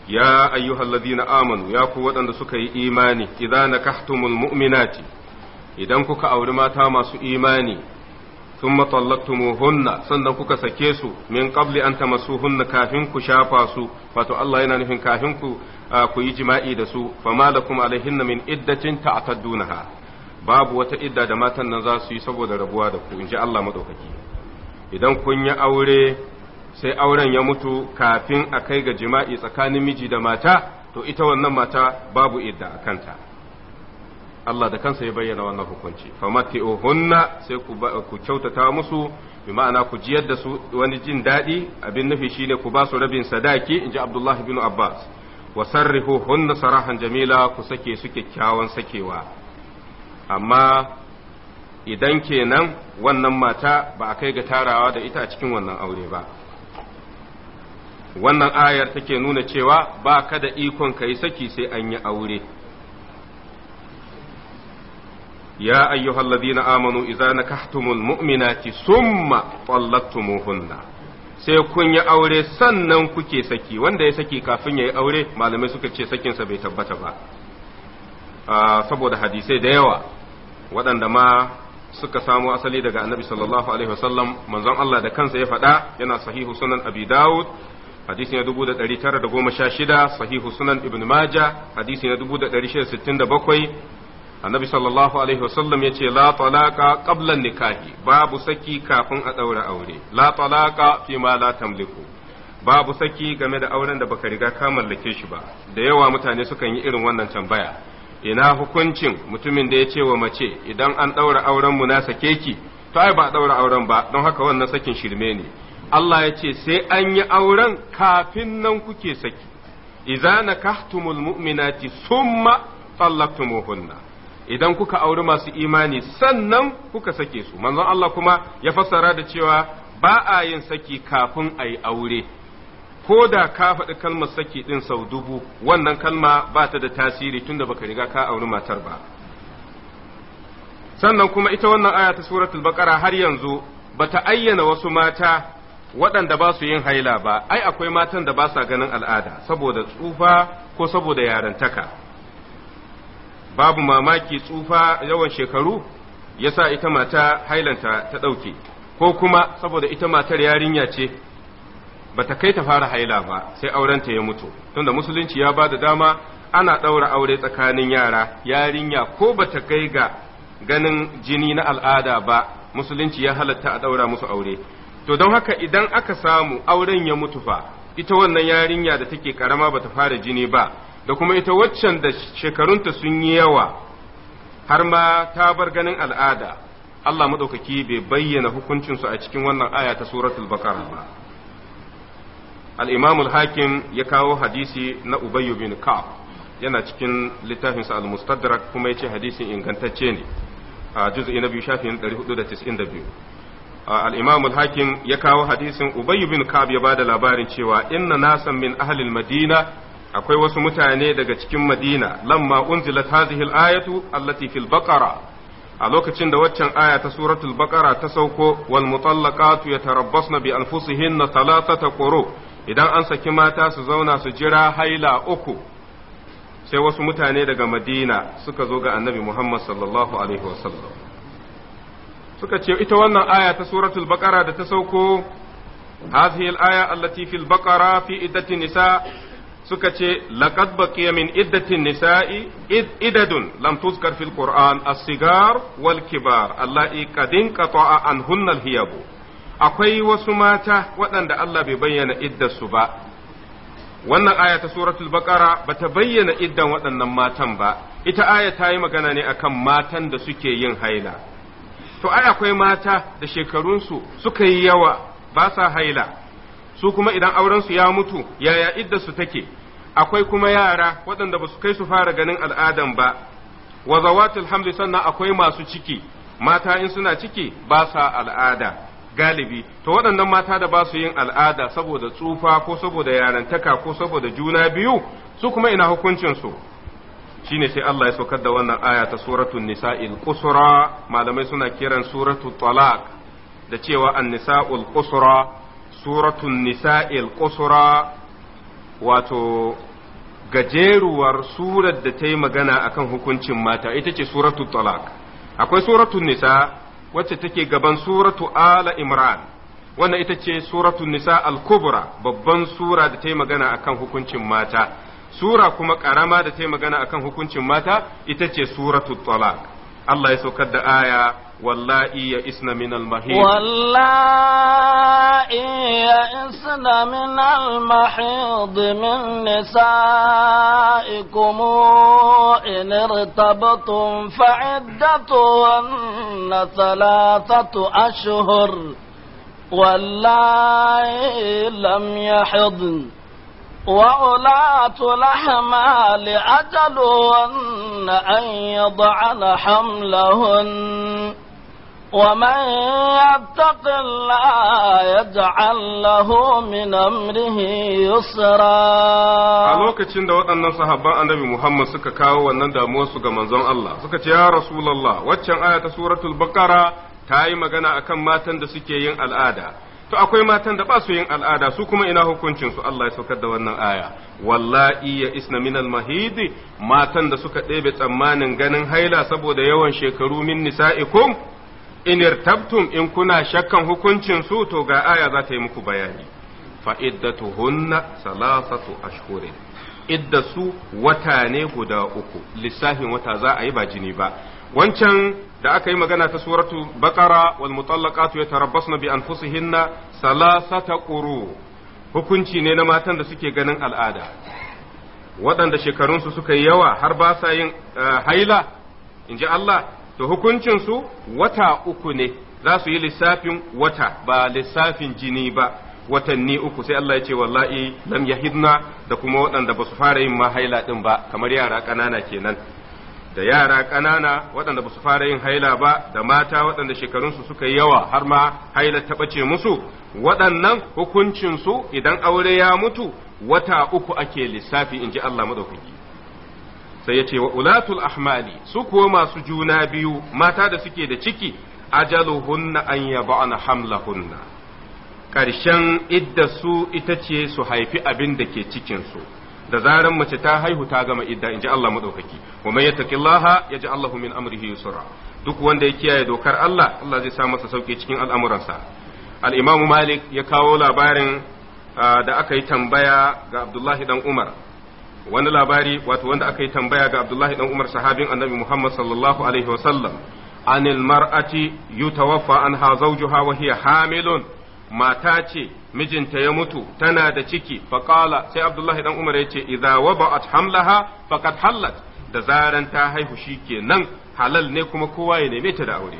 ya ayyuhallazina amanu ya ku waɗanda suka yi imani idza nakahtumul mu'minati idan kuka auri mata masu imani thumma tallaqtumuhunna sannan kuka sake su min qabli an hunna kafin ku shafa su wato Allah yana nufin kafin ku ku yi jima'i da su fama lakum alaihinna min iddatin ta'taddunaha babu wata idda da matan nan za su yi saboda rabuwa da ku inji Allah madaukaki idan kun yi aure sai auren ya mutu kafin a kai ga jima'i tsakanin miji da mata to ita wannan mata babu idda a kanta Allah da kansa ya bayyana wannan hukunci uhunna sai ku kyautata musu bi ma'ana ku jiyar da su wani jin daɗi abin nufi shine ku ba su rabin sadaki inji abdullah bin Abbas wa hunna sarahan jamila ku sake su kyakkyawan sakewa amma idan kenan wannan mata ba a kai ga tarawa da ita a cikin wannan aure ba wannan ayar take nuna cewa ba ka da ikon ka yi saki sai an yi aure يا أيها الذين آمنوا إذا نكحتم المؤمنات ثم طلقتموهن sai kun yi aure sannan kuke saki wanda ya saki kafin ya yi aure malamai suka ce sakinsa bai tabbata ba saboda hadisai da yawa waɗanda ma suka samo asali daga annabi sallallahu alaihi wasallam manzon Allah da kansa ya faɗa yana sahihu sunan abi dawud hadisi na dubu da ɗari tara da goma sha shida sahihu sunan ibn maja hadisi na dubu da ɗari shida sittin da bakwai annabi sallallahu alaihi wasallam ya ce la talaka qabla nikahi babu saki kafin a daura aure la talaka fi ma la tamliku babu saki game da auren da baka riga ka mallake shi ba da yawa mutane sukan yi irin wannan tambaya ina hukuncin mutumin da ya ce wa mace idan an daura auren mu na sake ki to ai ba a daura auren ba don haka wannan sakin shirme ne Allah ya ce sai an yi auren kafin nan kuke saki idza nakahtumul mu'minati summa tallaqtumuhunna idan kuka auri masu imani sannan kuka sake su manzon Allah kuma ya fassara da cewa ba a yin saki kafin a yi aure ko da ka faɗi kalmar saki ɗin sau dubu wannan kalma ba ta da tasiri tunda baka riga ka auri matar ba sannan kuma ita wannan aya ta suratul baqara har yanzu bata ayyana wasu mata waɗanda ba su yin haila ba ai akwai matan da ba sa ganin al'ada saboda tsufa ko saboda yarantaka babu mamaki tsufa yawan shekaru yasa ita mata hailanta ta ɗauke ko kuma saboda ita matar yarinya ce ba ta kai ta fara haila ba sai aurenta ya mutu tunda musulunci ya ba da dama ana ɗaura aure tsakanin yara yarinya ko bata kai ga ganin jini na al'ada ba musulunci ya halatta a ɗaura musu aure to don haka idan aka samu auren ya mutu fa ita wannan yarinya da take karama ta fara jini ba da kuma ita waccan da shekarunta sun yi yawa har ma ta bar ganin al'ada Allah maɗaukaki bai bayyana hukuncinsu a cikin wannan aya ta suratul bakara ba al hakim ya kawo hadisi na ubayyu bin ka'ab yana cikin littafinsa al-mustadrak kuma yace hadisin ingantacce ne a juz'i na biyu shafin 492 al-imam hakim ya kawo hadisin ubayyu bin Ka'b ya bada labarin cewa inna nasan min ahalin madina akwai wasu mutane daga cikin Madina lamma unzilat hadhihi al-ayatu allati fil baqara a lokacin da waccan aya ta suratul baqara ta sauko wal mutallaqatu yatarabbasna bi anfusihinna thalathata quru idan an saki mata su zauna su jira haila uku sai wasu mutane daga Madina suka zo ga Annabi Muhammad sallallahu alaihi wasallam suka ce ita wannan aya ta suratul baqara da ta sauko hadhihi al-aya allati fil baqara fi iddati nisa' suka ce laqad baqiya min iddatin nisa'i idadun lam tuzkar fil qur'an as-sigar wal kibar allati qad inqata'a anhunna al-hiyab akwai wasu mata waɗanda Allah bai bayyana iddarsu ba wannan aya ta suratul baqara bata bayyana iddan waɗannan matan ba ita aya ta yi magana ne akan matan da suke yin haila to ai akwai mata da shekarunsu suka yi yawa ba sa haila su kuma idan aurensu ya mutu yaya idda su take akwai kuma yara waɗanda ba su kai su fara ganin al'adan ba wa zawatul hamli sannan akwai masu ciki mata in suna ciki ba sa al'ada galibi to waɗannan mata da ba su yin al'ada saboda tsufa ko saboda yarantaka ko saboda juna biyu su kuma ina hukuncin su shine sai Allah ya saukar da wannan aya ta suratul nisa'il qusra malamai suna kiran suratul talaq da cewa an-nisa'ul qusra suratun nisa'il qusra wato gajeruwar surar da ta yi magana akan hukuncin mata ita ce suratu talak akwai suratun nisa wacce take gaban suratu ala imran wannan ita ce suratun nisa al-kubra babban sura da ta yi magana akan hukuncin mata sura kuma karama da ta yi magana akan hukuncin mata ita ce suratu talak Allah ya saukar da aya واللائي يئسن من المحيط واللائي يئسن من المحيط من نسائكم إن ارتبتم فعدتهن ثلاثة أشهر واللائي لم يحضن وأولاة الأحمال أجلهن أن يضعن حملهن ومن يتق الله يجعل له من أمره يسرا a lokacin da waɗannan sahabban annabi Muhammad suka kawo wannan damuwarsu ga manzon Allah suka ce ya Rasulullah waccan aya ta suratul Baqara ta yi magana akan matan da suke yin al'ada to akwai matan da ba su yin al'ada su kuma ina hukuncin su Allah ya saukar da wannan aya wallahi ya isna minal mahidi matan da suka ɗebe tsammanin ganin haila saboda yawan shekaru min nisa'ikum in irtabtum in kuna shakkan hukuncin su to ga aya za ta yi muku bayani fa salasatu ashhurin idda su wata ne guda uku lissafin wata za a yi ba jini ba wancan da aka yi magana ta suratu baqara wal mutallaqatu yatarabbasna bi anfusihinna salasata quru hukunci ne na matan da suke ganin al'ada waɗanda shekarunsu suka yi yawa har ba sa yin eh, haila in ji Allah to hukuncinsu wata uku ne za su yi lissafin wata ba lissafin jini ba watanni uku sai Allah ya ce wallahi lam yahidna da kuma waɗanda ba su fara yin mahaila ɗin ba kamar yara ƙanana kenan da yara ƙanana waɗanda ba su fara yin haila ba da mata waɗanda shekarunsu suka yi yawa har ma haila ta ɓace musu waɗannan hukuncinsu idan aure ya mutu wata uku ake lissafi in ji Allah maɗaukaki sai ya ce wa ulatul ahmali su kuwa masu juna biyu mata da suke da ciki ajaluhunna an yaba'na hamlahunna ƙarshen idda su ita ce su haifi abin da ke cikinsu da zaran mace ta haihu ta gama idda inji Allah madaukaki wa man ya ji Allah min amrihi yusra duk wanda ya kiyaye dokar Allah Allah zai sa masa sauki cikin al'amuransa al malik ya kawo labarin ah, da aka yi tambaya ga abdullahi dan umar wani labari wato wanda aka yi tambaya ga Abdullahi dan Umar sahabin Annabi Muhammad sallallahu alaihi wasallam anil mar'ati yutawaffa ha zawjuha wa hiya hamilun mata ce mijinta ya mutu tana da ciki faqala sai Abdullahi dan Umar yace idza waba'at hamlaha faqad hallat da zaran ta haihu shikenan halal ne kuma kowa ya neme ta da aure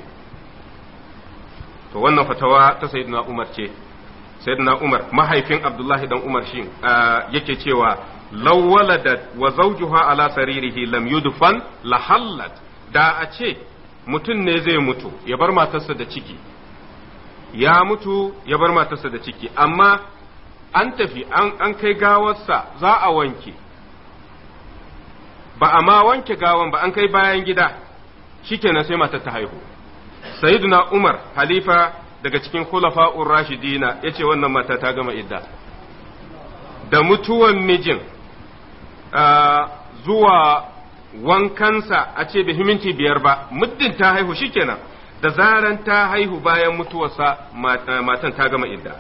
to wannan fatawa ta sayyidina Umar ce sayyidina Umar mahaifin Abdullahi dan Umar shi ah, yake cewa law waladat wa zawjuha ala saririhi lam da a ce mutum ne zai mutu ya bar matarsa da ciki ya mutu ya bar matarsa da ciki amma an tafi an kai gawarsa za a wanke ba a wanke gawan ba an kai bayan gida na sai mata ta haihu sayyiduna umar halifa daga cikin khulafa'ur rashidina yace wannan mata ta gama idda da mutuwan mijin zuwa wankansa a ce bai himinci biyar ba muddin ta haihu shikenan da zaran ta haihu bayan mutuwarsa matan ta gama idda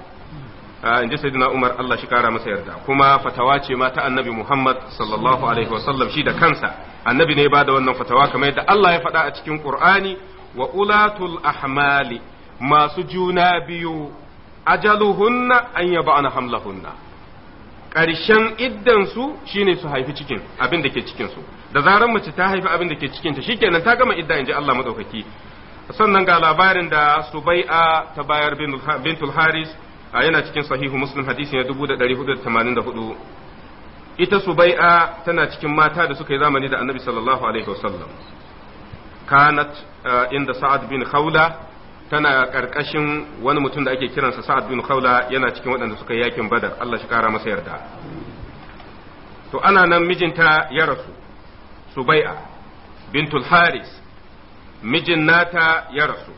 in ji sayyidina Umar Allah shi kara masa yarda kuma fatawa ce ma ta annabi Muhammad sallallahu alaihi wa sallam shi da kansa annabi ne ba da wannan fatawa kamar yadda Allah ya faɗa a cikin Qur'ani wa ulatul ahmali masu juna biyu ajaluhunna an hamla hamlahunna ƙarshen iddansu shine su haifi cikin abin da ke cikinsu da zarar mace ta haifi abin da ke cikinta shikenan ta gama idda inji Allah madaukaki sannan ga labarin da Subai'a ta bayar bintul Haris yana cikin sahihu Muslim hadisi na 1484 ita Subai'a tana cikin mata da suka yi zamani da Annabi sallallahu alaihi wasallam kanat inda Sa'ad bin Khawla tana ƙarƙashin wani mutum da ake kiransa sa'ad bin khawla yana cikin waɗanda suka yi yakin badar Allah shi kara masa yarda to ana nan mijinta ya rasu subai'a bintul haris mijin nata ya rasu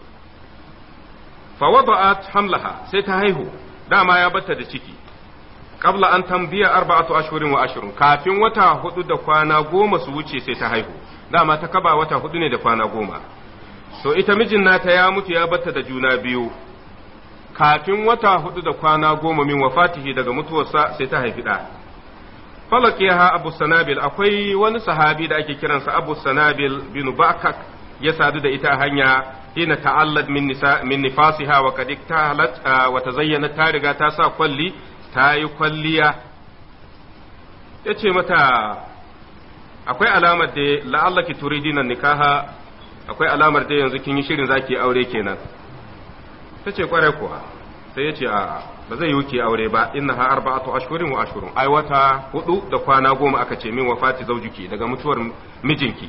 fa wada'at hamlaha sai ta haihu dama ya batta da ciki qabla an tambiya arba'atu ashhurin wa ashrun kafin wata hudu da kwana goma su wuce sai ta haihu dama ta kaba wata hudu ne da kwana goma so ita mijin nata ya mutu ya batta da juna biyu kafin wata hudu da kwana goma min wafatihi daga mutuwarsa sai ta haifi ɗa ha abu sanabil akwai wani sahabi da ake kiransa abu sanabil bin bakak ya sadu da ita hanya ina ta'allad min nisa min nifasiha wa kad iktahalat wa tazayyana ta riga ta sa kwalli ta yi kwalliya yace mata akwai alamar da la'allaki turidina nikaha akwai alamar da yanzu kin yi shirin zaki aure kenan ta ce kwarai kuwa sai ya ce a ba zai yi aure ba inna ha arba'atu ashhurin wa ashhurun ai wata hudu da kwana goma aka ce min wafati zaujuki daga mutuwar mijinki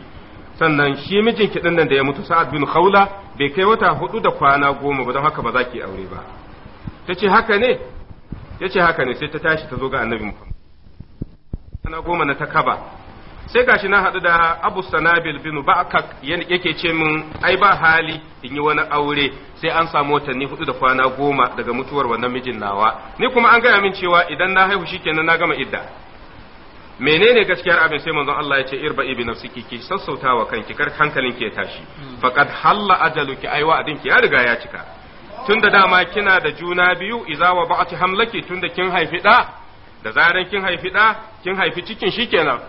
sannan shi mijinki din nan da ya mutu sa'ad bin khawla bai kai wata hudu da kwana goma ba don haka ba za ki aure ba ta ce haka ne ya ce haka ne sai ta tashi ta zo ga annabi muhammad kwana goma na ta kaba sai gashi na haɗu da abu sanabil bin ba'kak yake ce min ai ba hali in yi wani aure sai an samu watanni hudu da kwana goma daga mutuwar wannan mijin nawa ni kuma an gaya min cewa idan na haihu shikenan na gama idda menene gaskiyar abin sai manzon Allah ya ce irba ibi nafsiki ki sassautawa kanki kar hankalin ki ya tashi faqad halla ajaluki ai wa'adin ki ya riga ya cika tunda dama kina da juna biyu iza wa ba'ati hamlaki tunda kin haifi da da zaran kin haifi da kin haifi cikin shikenan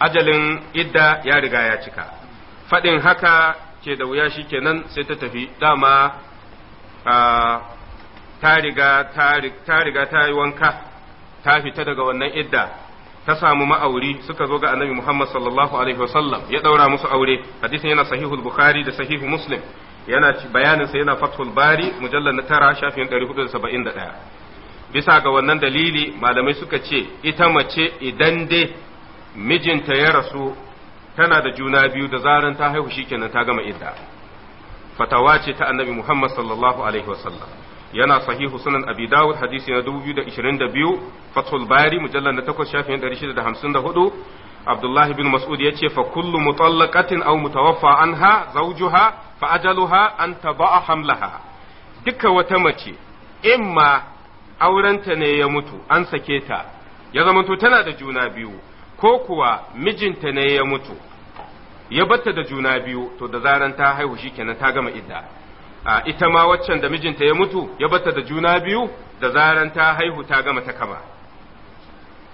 ajalin idda ya riga ya cika faɗin haka ke da wuya shi kenan sai ta tafi dama ta riga ta riga ta yi wanka ta fita daga wannan idda ta samu ma'auri suka zo ga annabi Muhammad sallallahu alaihi wasallam ya daura musu aure hadisin yana sahihul bukhari da sahihu muslim yana bayanin sa yana fathul bari mujallal na tara shafin 471 bisa ga wannan dalili malamai suka ce ita mace idan dai mijinta ya rasu tana da juna biyu da zaran ta haihu shikenan ta gama idda fatawa ce ta annabi Muhammad sallallahu alaihi wasallam yana sahihu sunan abi dawud hadisi na 2022 fathul bari mujallal na 8 shafin 654 abdullahi bin mas'ud yace fa kullu mutallaqatin aw mutawaffa anha zawjuha fa ajaluha an taba'a hamlaha duka wata mace imma aurenta ne ya mutu an sake ta ya zamanto tana da juna biyu ko kuwa mijinta ne ya mutu ya batta da juna biyu to da zaran ta haihu shikenan ta gama idda a ita ma waccan da mijinta ya mutu ya batta da juna biyu da zaran ta haihu ta gama ta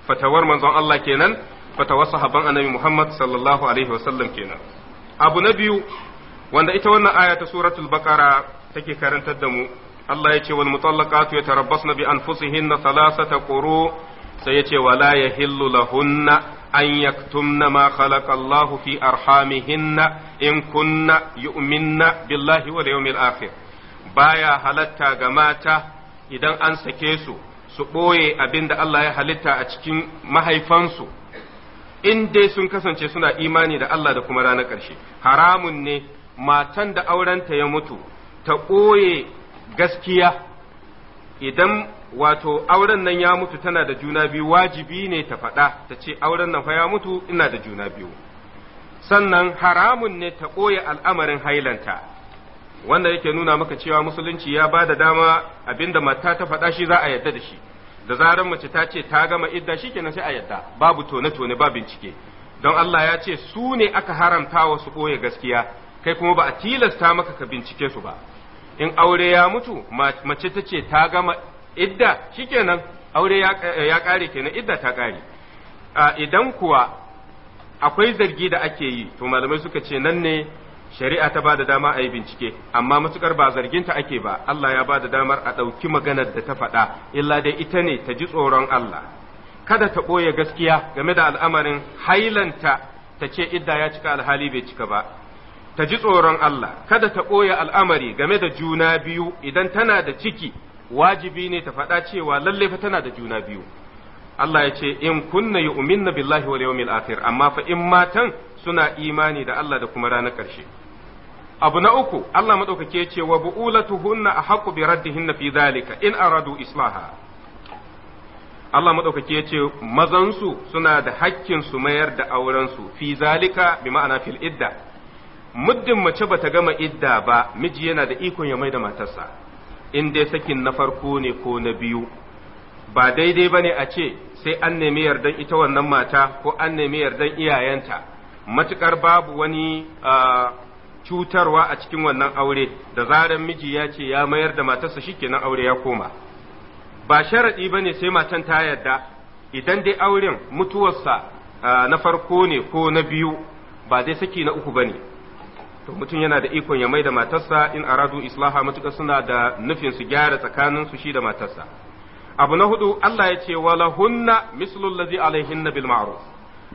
fatawar manzon Allah kenan fatawar sahabban annabi Muhammad sallallahu alaihi wasallam kenan abu na biyu wanda ita wannan aya ta suratul baqara take karantar da mu Allah ya ce wal mutallaqatu yatarabbasna bi anfusihinna thalathata quru' sai yace wala ya hillu lahunna an yaktumna ma khalaqa Allah fi arhamihinna in kunna yu'minna billahi wal yawmil akhir baya halatta ga mata idan an sake su su ɓoye abin da Allah ya halitta a cikin mahaifansu in dai sun kasance suna imani da Allah da kuma ranar ƙarshe haramun ne matan da aurenta ya mutu ta ɓoye gaskiya idan wato auren nan ya mutu tana da juna biyu wajibi ne ta faɗa ta ce auren nan fa ya mutu ina da juna biyu sannan haramun ne ta ɓoye al'amarin hailanta wanda yake nuna maka cewa musulunci ya ba da dama abinda mata ta faɗa shi za a yadda da shi da zarar mace ta ce ta gama idda shi kenan sai a yadda babu tone-tone ba bincike don Allah ya ce su ne aka haramta wa su ɓoye gaskiya kai kuma ba a tilasta maka ka bincike su ba in aure ya mutu mace ta ce ta gama idda shikenan aure ya ƙare kenan idda ta ƙare idan kuwa akwai zargi da ake yi to malamai suka ce nan ne shari'a ta bada dama a yi bincike amma matukar ba zarginta ake ba Allah ya bada damar a ɗauki maganar da ta faɗa illa dai ita ne ta ji tsoron Allah kada ta ɓoye gaskiya game da al'amarin hailanta ta ce idda ya cika alhali bai cika ba ta ji tsoron Allah kada ta ɓoye al'amari game da juna biyu idan tana da ciki wajibi ne ta faɗa cewa lalle fa tana da juna biyu Allah ya ce in kunna yu'minna billahi wal yawmil akhir amma fa in matan suna imani da Allah da kuma ranar ƙarshe abu na uku Allah madaukake ya ce wa bu'ulatuhunna ahqqu bi raddihinna fi dhalika in aradu islaha Allah madaukake ya ce su suna da hakkin su mayar da auren su fi zalika bi ma'ana fil idda muddin mace bata gama idda ba miji yana da ikon ya mai da matarsa in dai sakin na farko ne ko na biyu ba daidai ba a ce sai an nemi yardan ita wannan mata ko an nemi yardan iyayenta matukar babu wani cutarwa a cikin wannan aure da zaran miji ya ce ya mayar da matarsa shikenan aure ya koma ba sharaɗi bane sai matan ta yarda idan dai auren mutuwarsa na farko ne ko na biyu ba dai saki na uku bane. to mutum yana da ikon ya mai da matarsa in aradu islaha matuƙa suna da nufin su gyara tsakanin su shi da matarsa abu na hudu Allah ya ce wala hunna mislul ladzi alaihin bil ma'ruf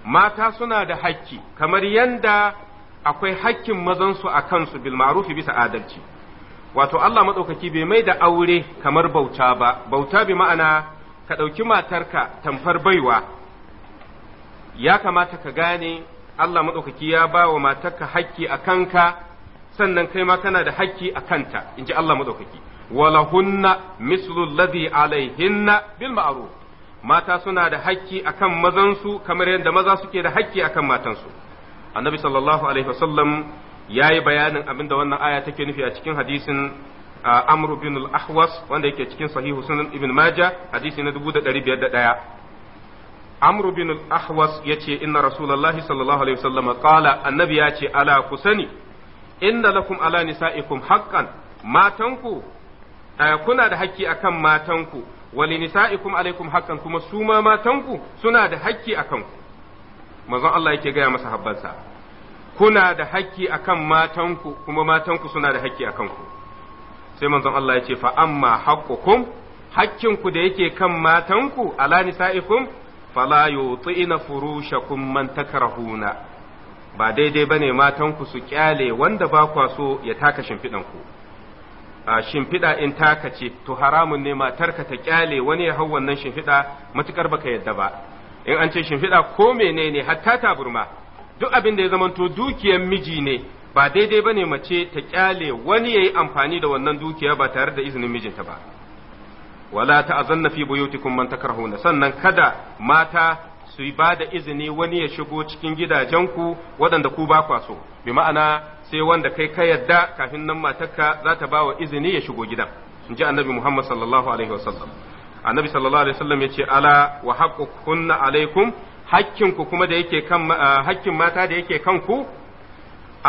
mata suna da hakki kamar yanda akwai hakkin mazan su akan su bil ma'ruf bisa adalci wato Allah madaukaki bai mai da aure kamar bauta ba bauta bi ma'ana ka dauki matarka tamfar baiwa ya kamata ka gane Allah maɗaukaki ya ba wa matarka hakki a kanka sannan kai ma kana da hakki a kanta in ji Allah maɗaukaki walahunna mislu alaihinna bil ma'ruf mata suna da hakki akan mazansu kamar yadda maza suke da hakki akan matansu annabi sallallahu alaihi wasallam yayi bayanin abinda wannan aya take nufi a cikin hadisin amru bin al-ahwas wanda yake cikin sahihu sunan ibn majah hadisi na 1501 amru bin al-ahwas yace inna rasulullahi sallallahu alaihi wasallam qala annabi yace ala kusani. inna lakum ala nisaikum haqqan matanku eh, kuna da hakki akan matanku wali nisaikum alaikum haqqan kuma su ma matanku suna da hakki akan ku manzon Allah yake gaya masa habbansa kuna da hakki akan matanku kuma matanku suna da hakki akan ku sai manzon Allah yace fa amma haqqukum haƙƙinku da yake kan matanku ala nisaikum fala yuti'na furushakum man takrahuna ba daidai bane matan ku su kyale wanda ba kwa so ya taka shimfidan ku a shimfida in taka ce to haramun ne matarka ta kyale wani ya hau wannan shimfida matukar baka yadda ba in an ce shimfiɗa ko menene hatta taburma duk abin da ya zamanto dukiyar miji ne ba daidai bane mace ta kyale wani ya yi amfani da wannan dukiya ba tare da izinin mijinta ba wala ta'zanna fi buyutikum man takrahuna sannan kada mata su ba da izini wani ya shigo cikin gidajen ku waɗanda ku ba kwa so bi ma'ana sai wanda kai ka yadda kafin nan matarka za ta ba wa izini ya shigo gidan in ji annabi muhammad sallallahu alaihi wasallam annabi sallallahu alaihi wasallam ya ce ala wa haqqukunna alaikum hakkinku kuma da yake kan hakkin mata da yake kanku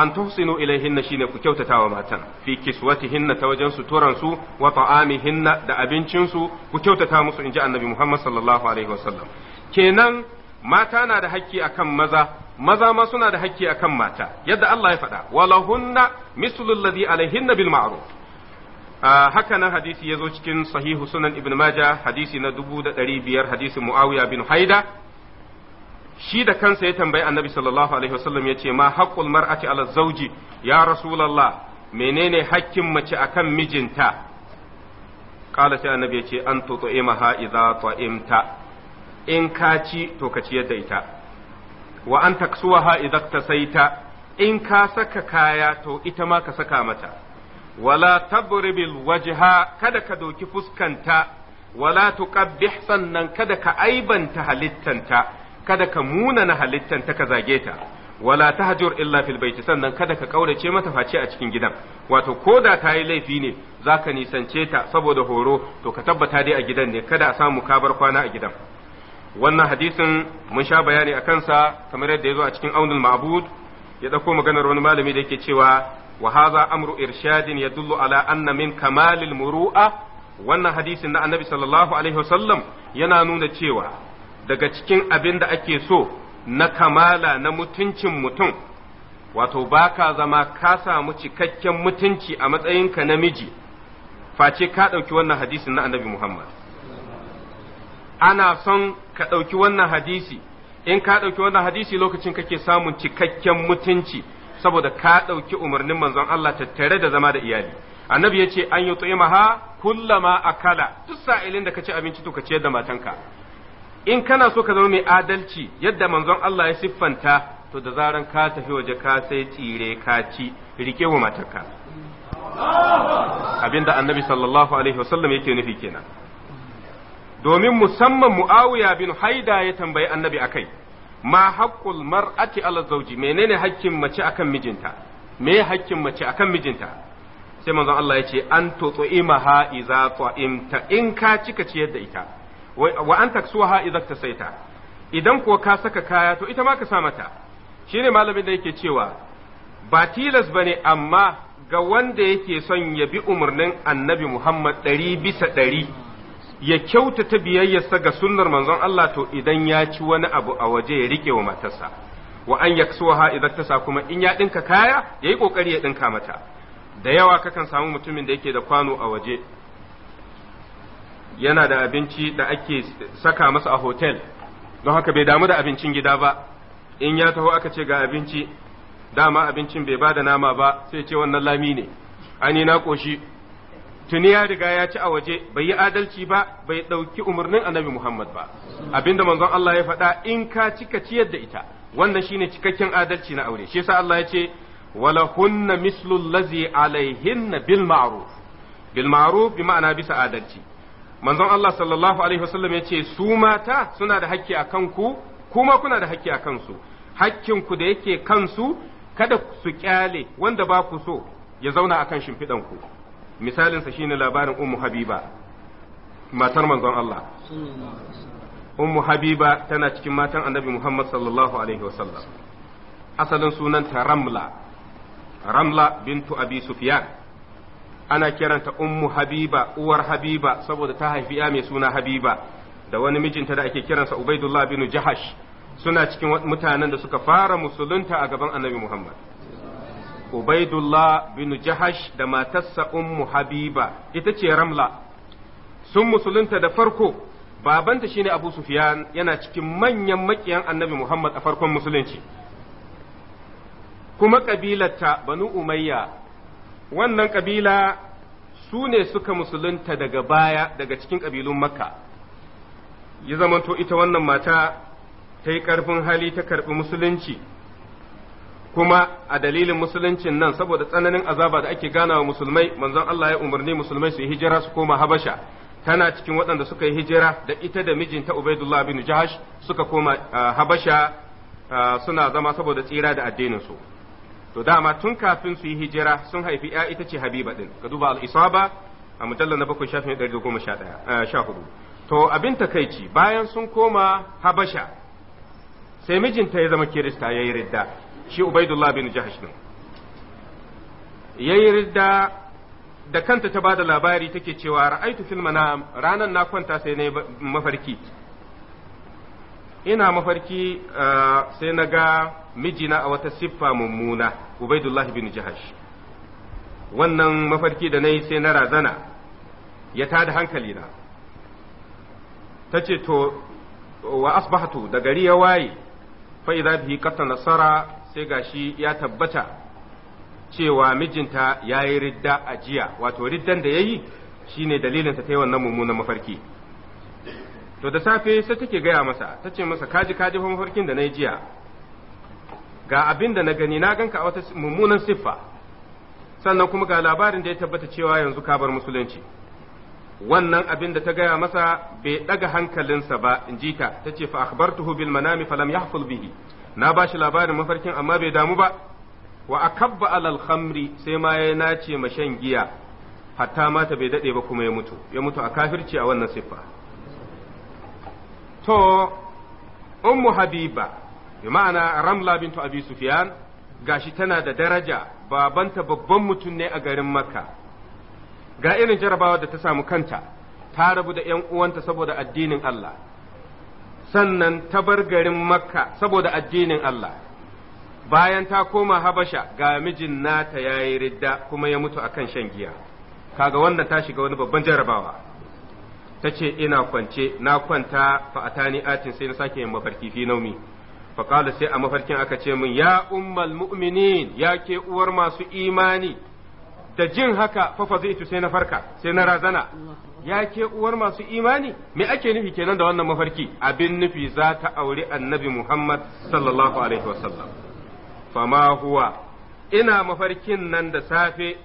an tuhsinu ilaihinna shine ku kyautata wa matan fi kiswatihinna ta wajen wata wa ta'amihinna da abincinsu ku kyautata musu inji annabi Muhammad sallallahu alaihi wasallam kenan mata na da hakki akan maza maza ma suna da hakki akan mata yadda Allah ya faɗa walahunna mislu alladhi alaihinna bil ma'ruf haka nan hadisi ya zo cikin sahihu sunan ibn maja hadisi na dubu da ɗari biyar hadisin muawiya bin haida shi da kansa ya tambayi annabi sallallahu alaihi wasallam ya ce ma haqqul mar'ati ala zauji ya rasulullah menene hakkin mace akan mijinta qala sai annabi ya ce an tut'imaha idza ta'imta in ka ci to ka ciyar da ita wa an taksuwaha idza tasaita in ka saka kaya to ita ma ka saka mata wala tabribil wajha kada ka doki fuskanta wala tuqabbih sannan kada ka aibanta halittanta kada ka munana halittan ta ka zage ta wala tahjur illa fil baiti sannan kada ka kaurace mata face a cikin gidan wato da ta yi laifi ne zaka nisance ta saboda horo to ka tabbata dai a gidan ne kada a samu kabar kwana a gidan wannan hadisin mun sha bayani a kansa kamar yadda ya zo a cikin aunul ma'bud ya dauko maganar wani malami da yake cewa wa hadha amru irshadin yadullu ala anna min kamalil muru'a wannan hadisin na annabi sallallahu alaihi wasallam yana nuna cewa daga cikin abin da ake so na kamala na mutuncin mutum wato ba ka zama ka samu cikakken mutunci a matsayinka namiji face ka ɗauki wannan hadisin na annabi Muhammad ana son ka ɗauki wannan hadisi in ka ɗauki wannan hadisi lokacin kake samun cikakken mutunci saboda ka ɗauki umarnin manzon Allah tattare da zama da iyali annabi ya ce an yi tu'imaha kullama akala duk sa'ilin da ka ci abinci to ka ciyar da matanka in kana so ka zama mai adalci yadda manzon Allah ya siffanta to da zaran ka tafi waje ka sai tsire ka ci rike wa matarka abinda annabi sallallahu alaihi wasallam yake nufi kenan domin musamman muawiya bin haida ya tambayi annabi akai ma haqqul mar'ati ala zawji menene hakkin mace akan mijinta me hakkin mace akan mijinta sai manzon Allah ya ce an tu'imaha iza ta'imta in ka cika ciyar da ita wa an idan ta saita idan ko ka saka kaya to ita ma ka sa mata shine malamin da yake cewa ba tilas ba ne amma ga wanda yake son ya bi umarnin annabi Muhammad ɗari bisa ɗari ya kyautata biyayyarsa ga sunnar manzon Allah to idan ya ci wani abu a waje ya rike wa matarsa wa an yaksuha idan ta sa kuma in ya ɗinka kaya ya yi ƙoƙari ya ɗinka mata da yawa kakan samu mutumin da yake da kwano a waje yana da abinci da ake saka masa a hotel don haka bai damu da abincin gida ba in ya taho aka ce ga abinci dama abincin bai ba da nama ba sai ce wannan lami ne ani na koshi tuni ya riga ya ci a waje bai yi adalci ba bai ɗauki umarnin annabi Muhammad ba abinda manzon Allah ya faɗa in ka cika ciyar da ita wannan shine cikakken adalci na aure shi yasa Allah ya ce wala hunna mislu allazi alaihinna bil ma'ruf bil ma'ruf bi ma'ana bisa adalci manzon Allah sallallahu alaihi wasallam ya ce su mata suna da hakki a kanku kuma kuna da hakki a kansu hakkinku da yake kansu kada su kyale wanda ba ku so ya zauna akan shimfiɗanku misalinsa ne labarin ummu habiba matar manzon Allah ummu habiba tana cikin matan annabi Muhammad sallallahu alaihi wasallam asalin sunanta ramla ramla bintu abi sufyan ana kiranta ummu habiba uwar habiba saboda ta haifi ya mai suna habiba da wani mijinta da ake kiransa ubaidullah bin jahash suna cikin mutanen da suka fara musulunta a gaban annabi muhammad ubaidullah bin jahash da matarsa ummu habiba ita ce ramla sun musulunta da farko babanta shine abu sufyan yana cikin manyan maƙiyan annabi muhammad a farkon musulunci kuma kabilarta banu umayya wannan kabila su ne suka musulunta daga baya daga cikin kabilun makka ya zamanto ita wannan mata ta yi ƙarfin hali ta karɓi musulunci kuma a dalilin musuluncin nan saboda tsananin azaba da ake ganawa musulmai manzon Allah ya umarni musulmai su yi hijira su koma Habasha tana cikin waɗanda suka yi hijira da ita da mijinta Ubaidullah bin Jahash suka koma ah, Habasha ah, suna zama saboda tsira da addinin su to dama tun kafin su yi hijira sun haifi ya ita ce habiba din ka duba al-isaba a mujalla na bakwai shafin ɗari da goma sha hudu to abin takaici bayan sun koma habasha sai mijinta ya zama kirista ya yi ridda shi ubaidullah bin jahash din ya yi ridda da kanta ta bada labari take cewa ra'aitu fil manam ranan na kwanta sai na mafarki ina mafarki sai na ga mijina a wata siffa mummuna Ubaidullahi bin Jahash wannan mafarki da na yi sai na razana ya da hankali na ta ce to wa asbahatu da gari ya waye fa idza bihi qata nasara sai gashi ya tabbata cewa mijinta yayi ridda a jiya wato riddan da ya yayi shine dalilin ta yi wannan mummunan mafarki to da safe sai take gaya masa tace masa kaji kaji fa mafarkin da na yi jiya ga abin da na gani na ganka a wata mummunan siffa sannan kuma ga labarin da ya tabbata cewa yanzu ka bar musulunci wannan abin da ta gaya masa bai daga hankalinsa ba in ji ta ta ce fa bil manami falam yahful bihi na bashi labarin mafarkin amma bai damu ba wa akabba alal khamri sai ma ya nace ma shan giya hatta mata bai daɗe ba kuma ya mutu ya mutu a kafirci a wannan siffa to ummu habiba bi ma'ana ramla bintu abi sufyan gashi tana da daraja babanta babban mutum ne a garin makka ga irin jarabawa da ta samu kanta ta rabu da ‘yan uwanta saboda addinin Allah sannan ta bar garin makka saboda addinin Allah bayan ta koma habasha ga mijin nata ya ridda kuma ya mutu akan shan giya kaga wannan ta shiga wani babban jarabawa ta ce ina kwance na kwanta fa'atani atin sai na sake yin mafarkifi naumi faƙala sai a mafarkin aka ce min ya ummal mu'minin ya ke uwar masu imani da jin haka fafa zai sai na farka sai na razana ya ke uwar masu imani me ake nufi kenan da wannan mafarki abin nufi za ta auri annabi muhammad sallallahu alaihi wasallam fama huwa ina mafarkin nan da safe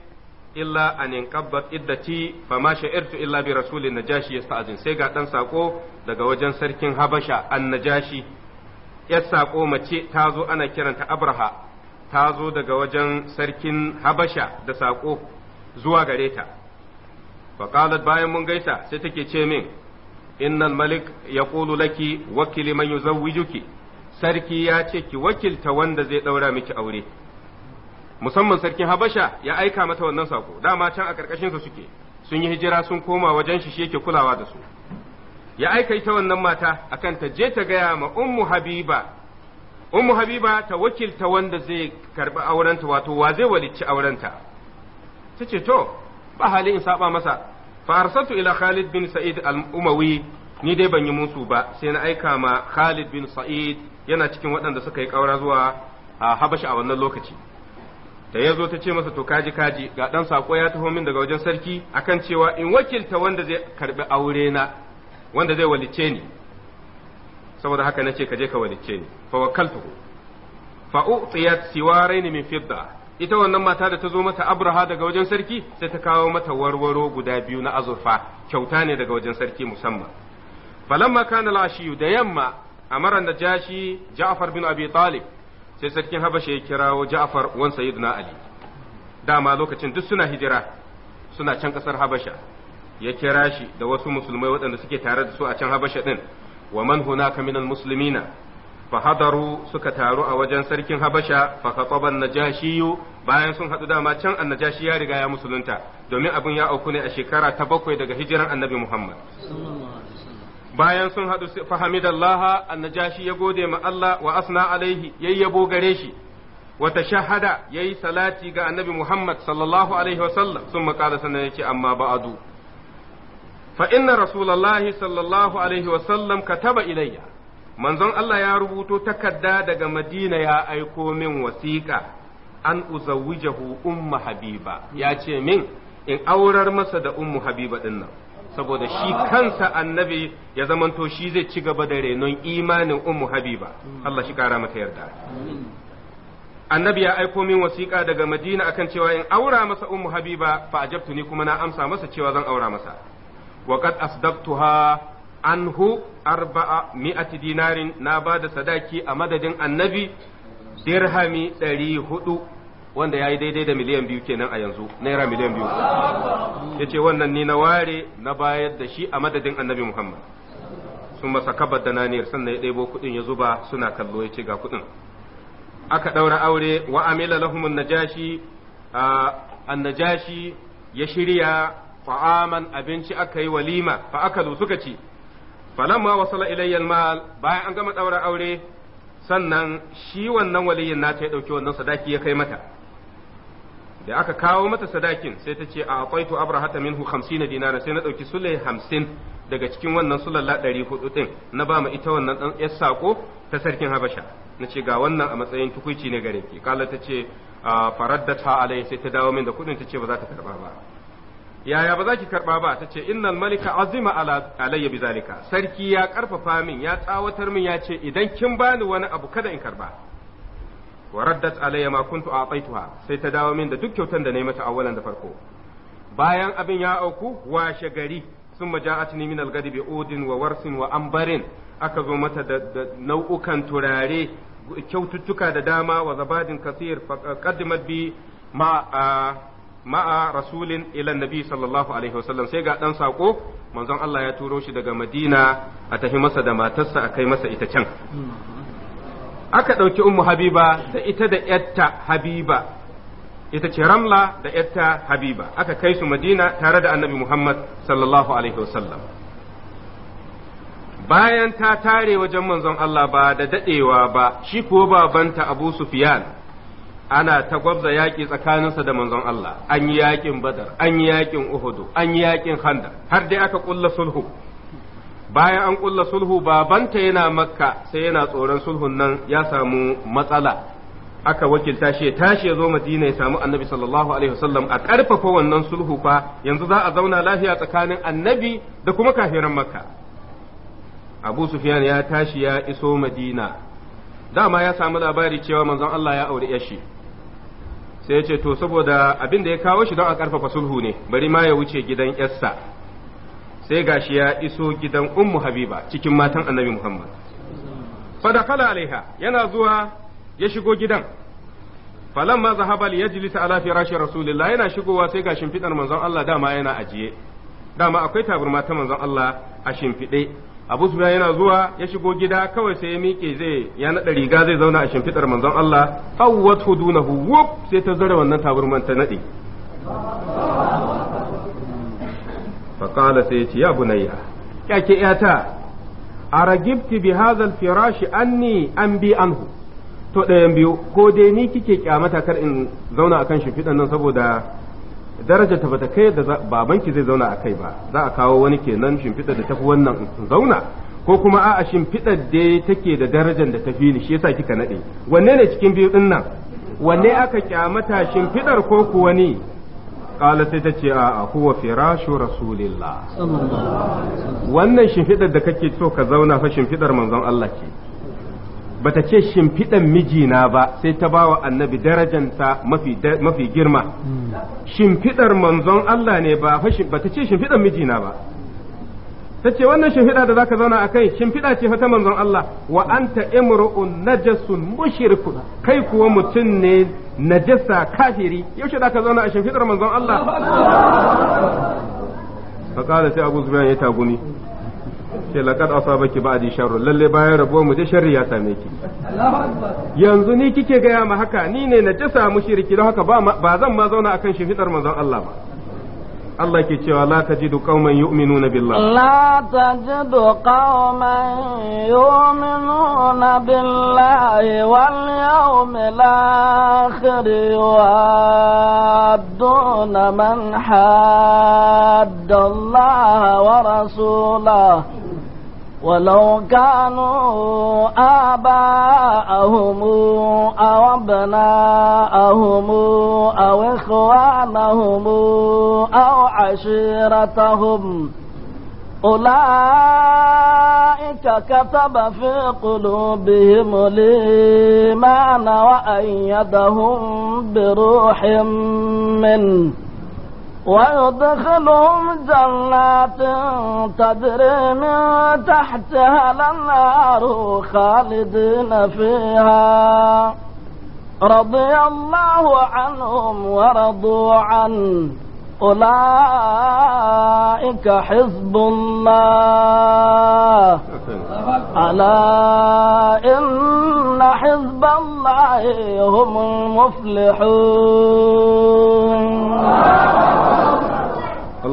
illa an inqabbat iddati fama sha'irtu illa bi rasulin najashi yasta'zin sai ga dan sako daga wajen sarkin habasha an najashi yar saƙo mace ta zo ana kiranta abraha ta zo daga wajen sarkin habasha da saƙo zuwa gare ta faƙalat bayan mun gaisa sai take ce min innal malik ya laki wakili man yuzawwijuki sarki ya ce ki wakilta wanda zai ɗaura miki aure musamman sarkin habasha ya aika mata wannan saƙo dama can a ƙarƙashinsa suke sun yi hijira sun koma wajen shi shi yake kulawa da su ya aika ita wannan mata akan ta je ta gaya ma ummu habiba ummu habiba ta wakilta wanda zai karbi aurenta wato wa zai walicci aurenta ta ce to ba hali in saba masa fa ila Khalid bin Sa'id al-Umawi ni dai ban yi musu ba sai na aika ma Khalid bin Sa'id yana cikin waɗanda suka yi ƙaura zuwa a Habasha a wannan lokaci da ya zo ta ce masa to kaji kaji ga ɗan sako ya taho min daga wajen sarki akan cewa in wakilta wanda zai karbi aure na wanda zai walice ni saboda haka nace ka je ka walice ni fa wakaltuhu fa utiyat min fidda ita wannan mata da ta zo mata abraha daga wajen sarki sai ta kawo mata warwaro guda biyu na azurfa kyauta ne daga wajen sarki musamman falamma kana lashiyu da yamma amara najashi ja'far bin abi talib sai sarkin habasha ya kirawo ja'far wan sayyidina ali dama lokacin duk suna hijira suna can kasar habasha ya kira shi da wasu musulmai waɗanda suke tare da su a can habasha ɗin wa man hunaka minal muslimina fa hadaru suka taru a wajen sarkin habasha fa khataban najashiyu bayan sun hadu dama can annajashi ya riga ya musulunta domin abin ya auku ne a shekara ta bakwai daga hijiran annabi muhammad bayan sun hadu fa hamidallaha annajashi ya gode ma Allah wa asna alaihi yayyabo gare shi tashahada yayi salati ga annabi Muhammad sallallahu alaihi wa sallam sun makala sannan yake amma ba'adu fa inna rasulullahi sallallahu alaihi sallam kataba ilayya manzon Allah ya rubuto takarda daga Madina ya aiko min wasiƙa an uzawwijahu ummu habiba ya ce min in aurar masa da ummu habiba dinnan saboda shi kansa annabi ya zamanto shi zai ci gaba da renon imanin ummu habiba Allah shi kara mata yarda annabi ya aiko min wasiƙa daga madina akan cewa in aura masa ummu habiba fa ajabtu ni kuma na amsa masa cewa zan aura masa وقد أصدقتها عنه anhu arba'a دينار dinarin na ba da sadaki a madadin annabi dirhami wanda ya yi daidai da miliyan biyu kenan a yanzu naira miliyan biyu ya ce wannan ni na ware na bayar da shi a madadin annabi muhammad sun masa kabar da naniyar sannan ya ɗebo kuɗin ya zuba suna kallo ya ce ga kuɗin aka ɗaura aure wa amila lahumun najashi an najashi ya shirya ta'aman abinci aka yi walima fa aka zo suka ci falamma wasala ilayya almal bayan an gama daura aure sannan shi wannan waliyin nata ya dauki wannan sadaki ya kai mata da aka kawo mata sadakin sai ta ce a akwaitu abrahata minhu 50 dinara sai na dauki sule 50 daga cikin wannan sulalla 400 din na ba mu ita wannan dan yar sako ta sarkin habasha na ce ga wannan a matsayin tukuici ne gare ki kala ta ce faraddata alai sai ta dawo min da kudin ta ce ba za ta karba ba yaya ba za ki karba ba ta ce innal malika azima alayya bizalika sarki ya karfafa min ya tsawatar min ya ce idan kin bani wani abu kada in karba wa raddat alayya ma kuntu a'taituha sai ta dawo min da duk kyautar da nayi mata awalan da farko bayan abin ya auku washe gari summa ja'atni min al-gadi bi udin wa warsin wa ambarin aka zo mata da nau'ukan turare kyaututtuka da dama wa zabadin kasir faqaddimat bi ma ma'a rasulin ilan nabi sallallahu alaihi wasallam sai ga dan sako manzon Allah ya turo shi daga Madina a tafi masa da matarsa a kai masa ita can aka ɗauki ummu habiba da ita da yatta habiba ita ce ramla da yatta habiba aka kai su Madina tare da annabi Muhammad sallallahu alaihi wasallam bayan ta tare wajen manzon Allah ba da dadewa ba shi ko babanta Abu Sufyan ana ta gwabza yaƙi tsakaninsa da manzon Allah an yi yaƙin badar an yi yaƙin uhudu an yi yaƙin handa har dai aka ƙulla sulhu bayan an ƙulla sulhu babanta yana makka sai yana tsoron sulhun nan ya samu matsala aka wakilta shi tashi ya zo madina ya samu annabi sallallahu alaihi wasallam a ƙarfafa wannan sulhu fa yanzu za a zauna lafiya tsakanin annabi da kuma kafiran makka abu sufyan ya tashi ya iso madina dama ya samu labari cewa manzon Allah ya aure yashi sai ya ce to saboda abin da ya kawo shi don a karfafa sulhu ne bari ma ya wuce gidan yassa sai gashi ya iso gidan ummu habiba cikin matan annabi muhammad fadakala alaiha yana zuwa ya shigo gidan falamma zahaba li yajlisa ala firashi rasulillah yana shigowa sai ga shimfidar manzon Allah dama yana ajiye dama akwai taburma ta manzon Allah a shimfide abu su yana zuwa ya shigo gida kawai sai ya miƙe zai ya naɗa riga zai zauna a shimfiɗar manzon Allah awwat hudunahu wuf sai ta zara wannan taburman ta naɗe faƙala sai ya ce ya bunayya ƴata a ragibti bi hazal firashi anni an bi anhu to ɗayan biyu ko dai ni kike kyamata kar in zauna akan shimfiɗan nan saboda Daraja ta bata kai da babanki zai zauna a kai ba za a kawo wani kenan shimfiɗar da tafi wannan zauna ko kuma a'a shimfiɗar da take da darajar da tafi ni shi yasa kika nade wanne ne cikin biyu din nan wanne aka kyamata shimfiɗar ko kuwa ni kala sai ta ce a huwa firashu rasulillah wannan shimfiɗar da kake so ka zauna fa shimfiɗar manzon Allah ke bata ce shimfiɗan mijina ba sai ta bawa annabi darajanta mafi girma shimfiɗar manzon Allah ne ba bata ce shimfiɗan mijina ba ta ce wannan shimfiɗa da zaka zauna a kai shimfiɗa ce fa ta manzon Allah wa anta imru'un najasun mushrikun kai kuwa mutum ne najasa kafiri yaushe zaka zauna a shimfiɗar manzon Allah fa sai Abu Sufyan ya taguni ce laqad asabaki ba'di sharru lalle bayan rabuwar mu da sharri ya same ki yanzu ni kike gaya ma haka ni ne na ta samu shirki don haka ba zan ma zauna akan shimfidar manzon Allah ba Allah ke cewa la tajidu qauman yu'minuna billah la tajidu qauman yu'minuna billahi wal yawmil akhir yu'adduna man hadda Allah wa rasulahu ولو كانوا آباءهم أو أبناءهم أو إخوانهم أو عشيرتهم أولئك كتب في قلوبهم الإيمان وأيدهم بروح منه ويدخلهم جنات تدري من تحتها الأنهار خالدين فيها رضي الله عنهم ورضوا عنه أولئك حزب الله ألا إن حزب الله هم المفلحون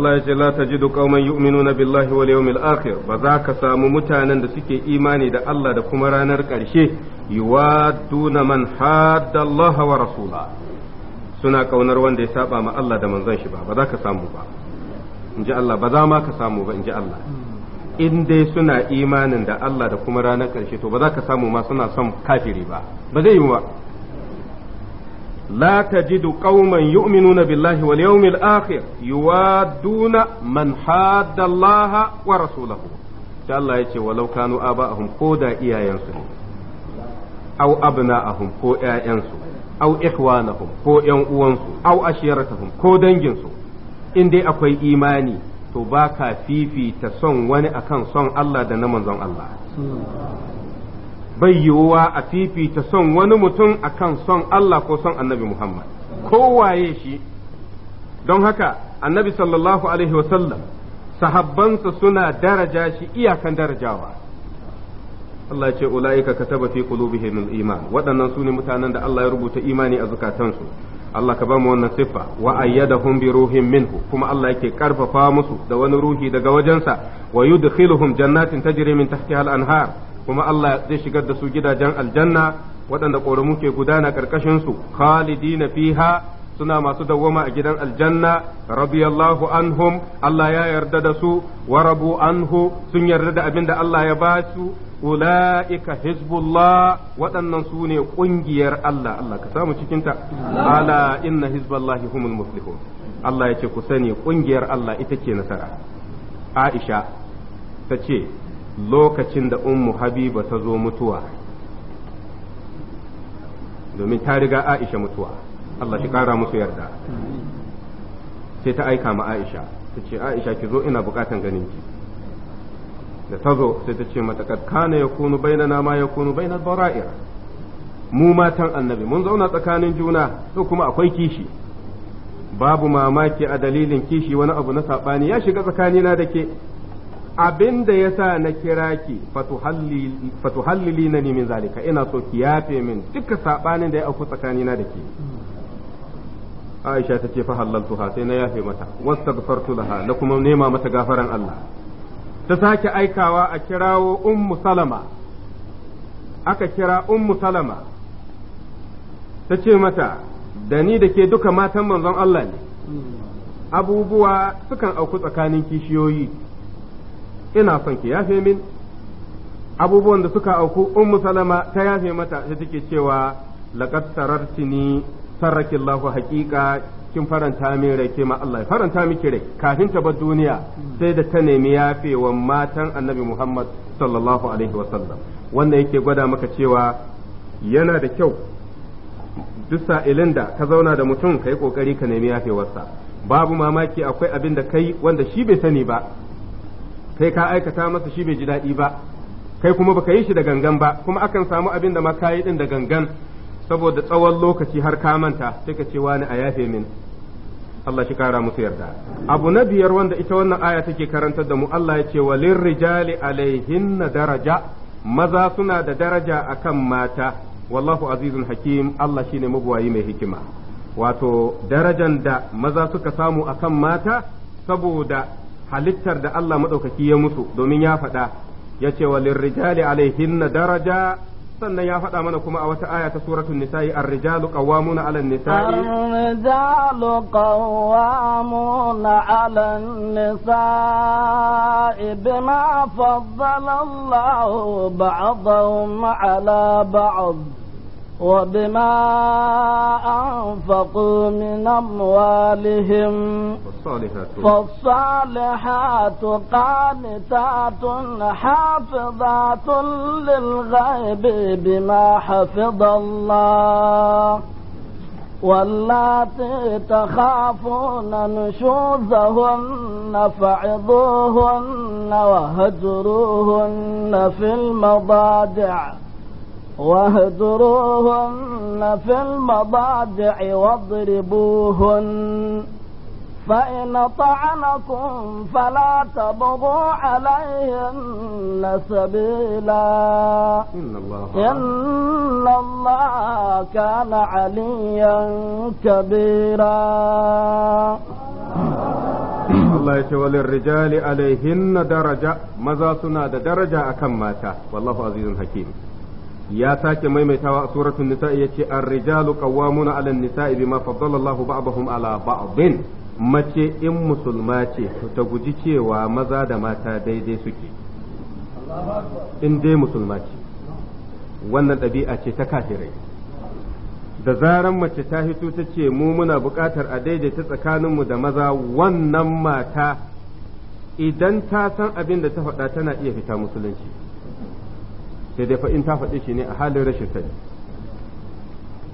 Allah ya ce la tajidu qauman yu'minuna billahi wal yawmil akhir ba za ka samu mutanen da suke imani da Allah da kuma ranar ƙarshe yuwadduna man hadda Allah wa rasula suna kaunar wanda ya saba ma Allah da manzon shi ba ba za ka samu ba in ji Allah ba za ma ka samu ba in ji Allah in dai suna imanin da Allah da kuma ranar ƙarshe to ba za ka samu ma suna son kafiri ba ba zai yi ba لا تجد قوما يؤمنون بالله واليوم الآخر يوادون من حاد الله ورسوله da Allah ya ce walau kanu aba'ahum ko da iyayensu ne au abna'ahum ko ƴaƴansu au ikhwanahum ko ƴan uwansu au ashiratahum ko danginsu in dai akwai imani to ba ka fifita son wani akan son Allah da na manzon Allah bai yiwuwa a fifita son wani mutum akan son Allah ko son annabi Muhammad kowaye shi don haka annabi sallallahu alaihi wasallam sahabbansa suna daraja shi iyakan darajawa Allah ce ula'ika kataba fi qulubihim al-iman waɗannan su ne mutanen da Allah ya rubuta imani a zukatansu Allah ka ba mu wannan siffa wa ayyadahum bi ruhin minhu kuma Allah yake karfafa musu da wani ruhi daga wajensa wa yudkhiluhum jannatin tajri min tahtiha al-anhar kuma Allah zai shigar da su gidajen aljanna waɗanda ƙoramu ke gudana ƙarƙashin su khalidina fiha suna masu dawwama a gidan aljanna radiyallahu anhum Allah ya yarda da su wa rabu anhu sun yarda da abin da Allah ya ba su ula'ika hizbullah waɗannan su ne ƙungiyar Allah Allah ka samu cikinta ala inna hizballahi humul muflihun Allah ya ce ku sani ƙungiyar Allah ita ce nasara Aisha ta ce lokacin da ummu habiba ta zo mutuwa domin ta riga aisha mutuwa Allah shi kara musu yarda sai ta aika ma aisha ta ce aisha ki zo ina bukatan ganin ki da ta zo sai ta ce mata kad kana yakunu bainana ma kunu bainal bara'ir mu matan annabi mun zauna tsakanin juna to kuma akwai kishi babu mamaki a dalilin kishi wani abu na sabani ya shiga tsakanina da ke abin da ya sa na kira ki fatuhallili na min zalika ina so ki yafe min duka saɓanin da ya auku tsakanina da ke aisha ta ce fa ha sai na yafe mata wastaghfartu laha na kuma nema mata gafaran Allah ta sake aikawa a kirawo ummu salama aka kira ummu salama ta ce mata da ni da ke duka matan manzon Allah ne abubuwa sukan auku tsakanin kishiyoyi ina son ki yafe min abubuwan da suka auku ummu salama ta yafe mata ta take cewa laqad sarartini saraki Allahu haqiqa kin faranta min rai ke ma Allah faranta miki rai kafin ta bar duniya sai da ta nemi yafewan matan Annabi Muhammad sallallahu alaihi wa sallam wannan yake gwada maka cewa yana da kyau duk sa'ilin da ka zauna da mutum kai kokari ka nemi yafewarsa babu mamaki akwai abin da kai wanda shi bai sani ba sai ka aikata masa shi bai ji daɗi ba kai kuma baka yi shi da gangan ba kuma akan samu abin da ma ka yi din da gangan saboda tsawon lokaci har ka manta sai ka ce wani a yafe min Allah shi kara musu yarda abu na biyar wanda ita wannan aya take karantar da mu Allah ya ce walin rijali alaihinna daraja maza suna da daraja akan mata wallahu azizun hakim Allah shine mabuwayi mai hikima wato darajan da maza suka samu akan mata saboda halittar da Allah maɗaukaki ya mutu domin ya faɗa ya ce wa lirrijali na daraja sannan ya faɗa mana kuma a wata aya ta suratul nisa'i ar-rijalu qawwamuna 'alan nisa'i ar-rijalu qawwamuna 'alan nisa'i bima faddala Allahu ba'dahum 'ala ba'd وبما أنفقوا من أموالهم فالصالحات قانتات حافظات للغيب بما حفظ الله واللاتي تخافون نشوزهن فعظوهن وهجروهن في المضاجع واهدروهن في المضاجع واضربوهن فإن طعنكم فلا تبغوا عليهن سبيلا إن الله, إن الله كان عليا كبيرا الله يتولى الرجال عليهن درجة مذا سنا درجة أكم ماتا والله عزيز حكيم ya sake maimaitawa a suratun nisa'i yace an rijalu qawwamuna 'ala an-nisa'i bima faddala Allahu ba'dahum 'ala ba'din mace in musulma ce ta guji cewa maza da mata daidai suke in dai musulma ce wannan ɗabi'a ce ta kafirai da zaran mace ta hito ta ce mu muna buƙatar a daidaita tsakaninmu da maza wannan mata idan ta san abin da ta faɗa tana iya fita musulunci sai dai fa in ta faɗi shi ne a halin rashin sani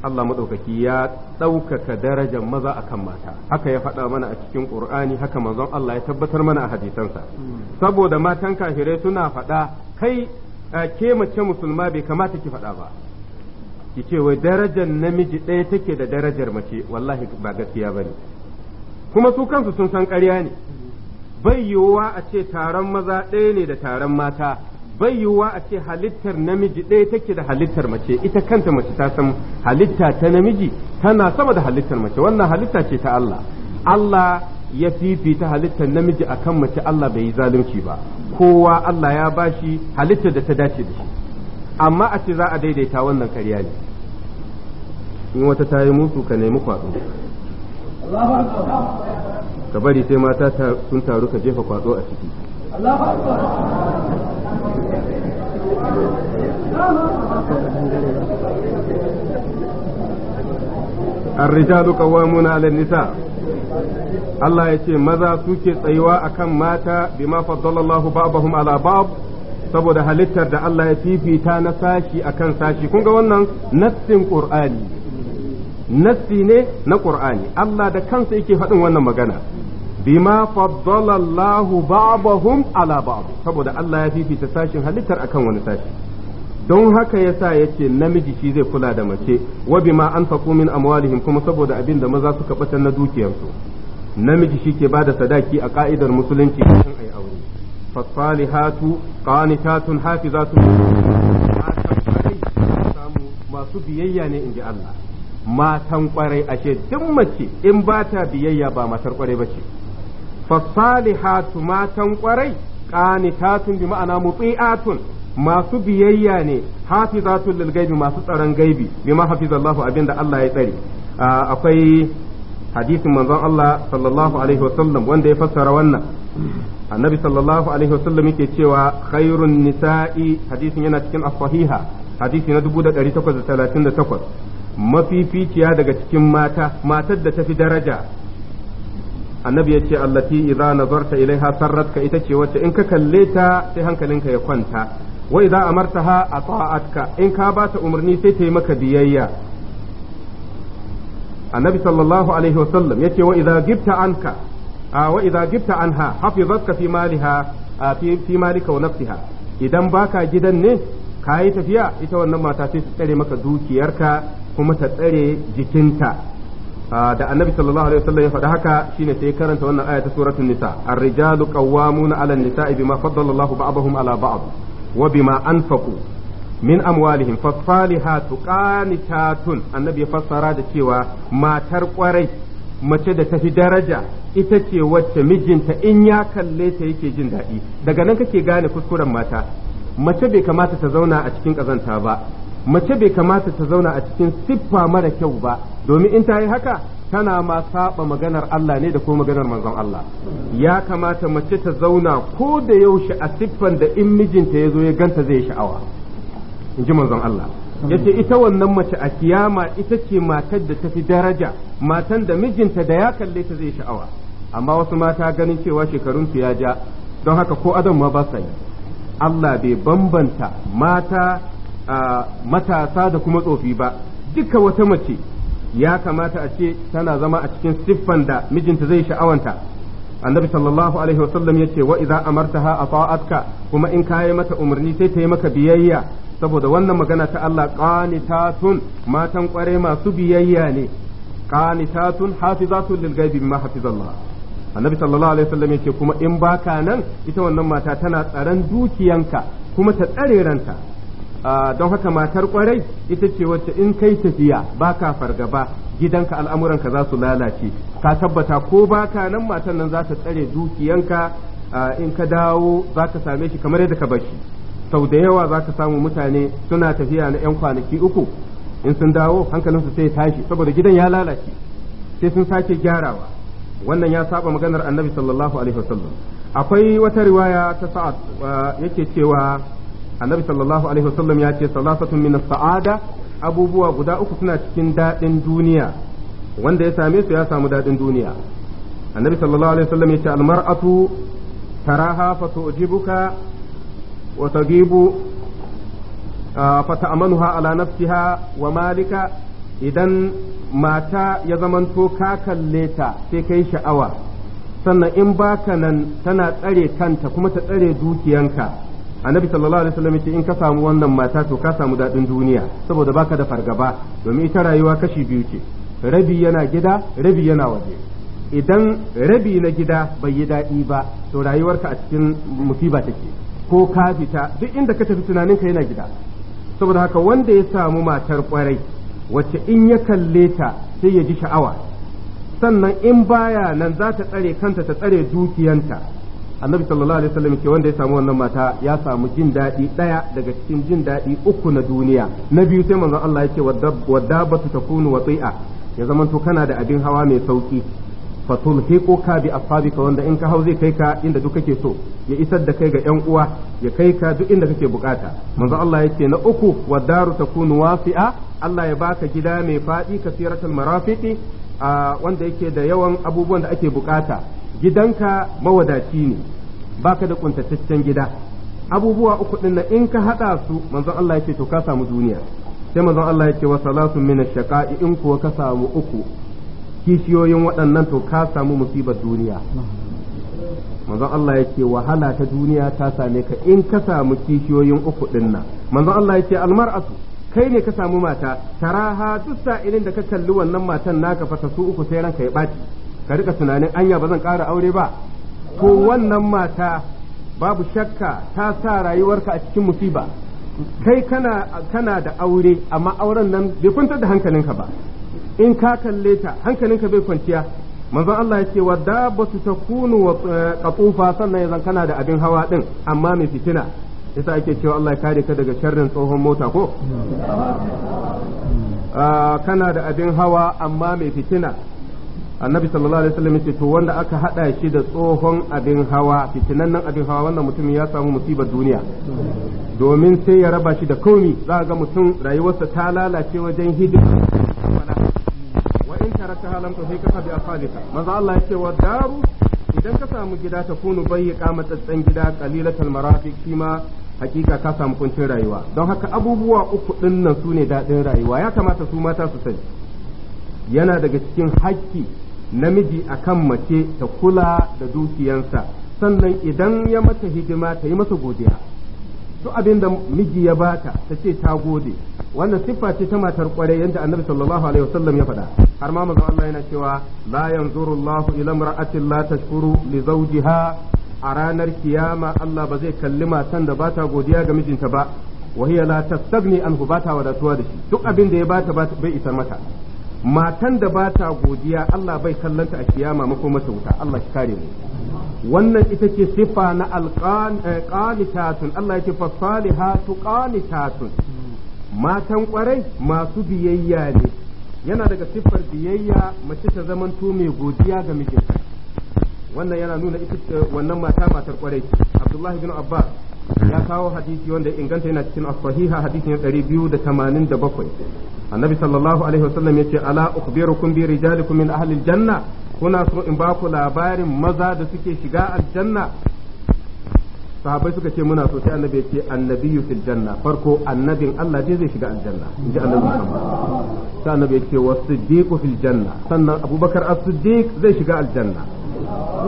Allah maɗaukaki ya ɗaukaka darajar maza a kan mata haka ya faɗa mana a cikin ƙur'ani haka manzon Allah ya tabbatar mana a hadisansa saboda matan kafirai suna faɗa kai ke mace musulma bai kamata ki faɗa ba ki ce wai darajar namiji ɗaya take da darajar mace wallahi ba gaskiya ba bane kuma su kansu sun san ƙarya ne bai yiwuwa a ce taron maza ɗaya ne da taron mata bai yiwuwa a ce halittar namiji ɗaya take da halittar mace ita kanta mace ta san halitta ta namiji tana sama da halittar mace wannan halitta ce ta Allah Allah ya fifita halittar namiji akan mace Allah bai yi zalunci ba kowa Allah ya ba shi halittar da ta dace da shi amma a ce za a daidaita wannan karya ne in wata ta yi musu ka nemi kwaɗo ka bari sai mata sun taru ka jefa kwaɗo a ciki الرجال Allah ya ce maza suke tsayuwa akan mata bima faddalallahu ba'dahum ala ba'd saboda halittar da Allah ya fifita na sashi akan sashi kun ga wannan nassin Qur'ani nassi ne na Qur'ani Allah da kansa yake faɗin wannan magana bima faddala Allahu ba'dahum ala ba'd saboda Allah ya fifita sashin halittar akan wani sashi don haka yasa yace namiji shi zai kula da mace wa bima anfaqu min amwalihim kuma saboda abin da maza suka bata na dukiyarsu namiji shi ke bada sadaki a ka'idar musulunci kafin ayi aure fasalihatu qanitatun hafizatun masu biyayya ne inji Allah matan kwarai ashe duk mace in ba ta biyayya ba matar kwarai ba ce fasalihatu matan kwarai qanitatun bi ma'ana muti'atun masu biyayya ne hafizatul lil gaibi masu tsaron gaibi bima hafizallahu abinda Allah ya tsare akwai hadisin manzon Allah sallallahu alaihi wasallam wanda ya fassara wannan annabi sallallahu alaihi wasallam yake cewa khairun nisa'i hadisin yana cikin as-sahiha hadisi na 1838 mafificiya daga cikin mata matar da tafi daraja annabi ya ce allati idza nazarta ilaiha sarratka ita ce wacce in ka kalle ta sai hankalinka ya kwanta wa idza amartaha ata'atka in ka ba ta umarni sai ta yi maka biyayya annabi sallallahu alaihi wasallam yace wa idza gibta anka wa idza gibta anha hafizatka fi maliha fi fi malika wa nafsiha idan baka gidan ne kayi tafiya ita wannan mata sai ta tsare maka dukiyarka kuma ta tsare jikinta Ah, da annabi sallallahu alaihi wasallam ya faɗa haka shine sai karanta wannan aya ta suratul nisa ar-rijalu qawwamuna 'ala an-nisa'i bima faddala Allahu ba'dahum 'ala ba'd wa bima anfaqu min amwalihim fasalihatu qanitatun annabi ya fassara da cewa matar kwarai mace da tafi daraja ita ce wacce mijinta in ya kalle ta yake jin daɗi daga nan kake gane kuskuren mata mace bai kamata ta zauna a cikin ƙazanta ba mace bai kamata ta zauna a cikin siffa mara kyau ba domin in ta yi haka tana ma saba maganar Allah ne da ko maganar manzon Allah ya kamata mace ta zauna ko da yaushe a siffan da in mijinta ya zo ya ganta zai sha'awa in ji manzon Allah ce ita wannan mace a kiyama ita ce matar da tafi daraja matan da mijinta da ya kalle ta zai sha'awa amma wasu mata ganin cewa shekarun su ya ja don haka ko adam ma ba sa yi Allah bai bambanta mata matasa da kuma tsofi ba duka wata mace ya kamata a ce tana zama a cikin siffan da mijinta zai sha'awanta annabi sallallahu alaihi wasallam yace wa idza amartaha ata'atka kuma in kayi mata umarni sai ta yi maka biyayya saboda wannan magana ta Allah qanitatun matan kware masu biyayya ne qanitatun hafizatun lil ghaibi bima hafizallah annabi sallallahu alaihi wasallam yace kuma in baka nan ita wannan mata tana tsaron dukiyanka kuma ta tsare ranta Ah, don haka matar kwarai ita ce wacce in kai tafiya ba ka fargaba gidanka al'amuranka za su lalace ka tabbata ko ba ka nan matan nan za ta tsare dukiyanka ah, in ka dawo za ka same shi kamar yadda ka bar sau da yawa za ka samu mutane suna tafiya na 'yan kwanaki uku in sun dawo hankalinsu sai tashi saboda gidan ya lalace sai sun sake gyarawa wannan ya saba maganar annabi sallallahu alaihi wasallam akwai wata riwaya ta sa'ad ah, yake cewa annabi sallallahu alaihi wasallam ya ce salasatun min sa'ada abubuwa guda uku suna cikin daɗin duniya wanda ya same su ya samu daɗin duniya annabi sallallahu alaihi wasallam ya ce almar'atu taraha fa tu'jibuka wa tagibu fa ta'manuha ala nafsiha wa malika idan mata ya zamanto ka kalle ta sai kai sha'awa sannan in baka nan tana tsare kanta kuma ta tsare dukiyanka annabi sallallahu alaihi wasallam yace in ka samu wannan mata to ka samu dadin duniya saboda baka da fargaba domin ita rayuwa kashi biyu ce rabi yana gida rabi yana waje idan rabi na gida bai yi daɗi ba to rayuwarka a cikin musiba take ko ka fita duk inda ka tafi tunanin ka yana gida saboda haka wanda ya samu matar kwarai wacce in ya kalle ta sai ya ji sha'awa sannan in baya nan za ta tsare kanta ta tsare dukiyanta annabi sallallahu alaihi wasallam ke wanda ya samu wannan mata ya samu jin daɗi ɗaya daga cikin jin daɗi uku na duniya na biyu sai manzon Allah yake wadda kunu wa wati'a ya zamanto kana da abin hawa mai sauki tulhiqu ka bi asabika wanda in ka hau zai kai ka inda duk kake so ya isar da kai ga yan uwa ya kai ka duk inda kake bukata manzon Allah yake na uku wa daru kunu wasi'a Allah ya baka gida mai fadi kasiratul marafiqi wanda yake da yawan abubuwan da ake bukata gidanka mawadaci ne baka da kuntataccen gida abubuwa uku din in ka hada su manzon Allah yake to ka samu duniya sai manzon Allah yake wa salatu min ash-shaqa'i in kuwa ka samu uku kishiyoyin waɗannan to ka samu musibar duniya manzon Allah yake wahala ta duniya ta same ka in ka samu kishiyoyin uku din nan manzon Allah yake almar'atu kai ne ka samu mata taraha duk sa'ilin da ka kalli wannan matan naka fata su uku sai ranka ya baci ka rika tunanin anya ba zan ƙara aure ba to wannan mata babu shakka ta sa rayuwarka a cikin musiba kai kana kana da aure amma auren nan bai kwantar da hankalinka ba in ka kalle ta hankalinka bai kwanciya manzon Allah ya ce wa ta takunu wa eh, qatufa sannan yanzu kana da abin hawa din amma mai fitina yasa ake cewa Allah ya kare ka daga sharrin tsohon mota ko hmm. ah, kana da abin hawa amma mai fitina annabi sallallahu alaihi wasallam yace to wanda aka hada shi da tsohon abin hawa nan abin hawa wanda mutum ya samu musibar duniya domin sai ya raba shi da kauni za ga mutum rayuwarsa ta lalace wajen hidima wa in taraka halam to sai ka bi afalika maza Allah yace wa daru idan ka samu gida ta kunu bayyaka matsatsen gida qalilatul marafiq kima ma hakika ka samu kuncin rayuwa don haka abubuwa uku dinnan sune dadin rayuwa ya kamata su mata su sani yana daga cikin hakki namiji akan mace ta kula da dukiyansa sannan idan ya mata hidima ta yi masa godiya to abin da miji ya bata ta ce ta gode wannan siffa ce ta matar kware yadda annabi sallallahu alaihi wasallam ya faɗa har ma manzo Allah yana cewa la yanzuru Allahu ila imra'atin la tashkuru li zawjiha a ranar kiyama Allah ba zai kalli matan da bata godiya ga mijinta ba wa hiya la tastagni anhu bata wadatuwa da shi duk abin da ya bata bai isar mata matan da ba ta godiya Allah bai kallanta a kiyama mako mata wuta Allah shi kare mu wannan ita ce sifa na alqanitatun eh, Allah ya yake fasalihatu qanitatun matan kwarai masu biyayya ne yana daga siffar biyayya mace ta zamanto mai godiya ga mijinta wannan yana nuna ita wannan mata matar kwarai Abdullahi bin Abbas ya kawo hadisi wanda inganta yana cikin as-sahiha hadisi na 287 annabi sallallahu alaihi wasallam yace ala ukhbirukum bi rijalikum min ahli al-janna kuna so in ba ku labarin maza da suke shiga aljanna sahabbai suka ce muna so sai annabi yace annabiyyu fil janna farko annabin Allah je zai shiga aljanna inji annabi Muhammad sai annabi yace was-siddiqu fil janna sannan Abubakar as-siddiq zai shiga aljanna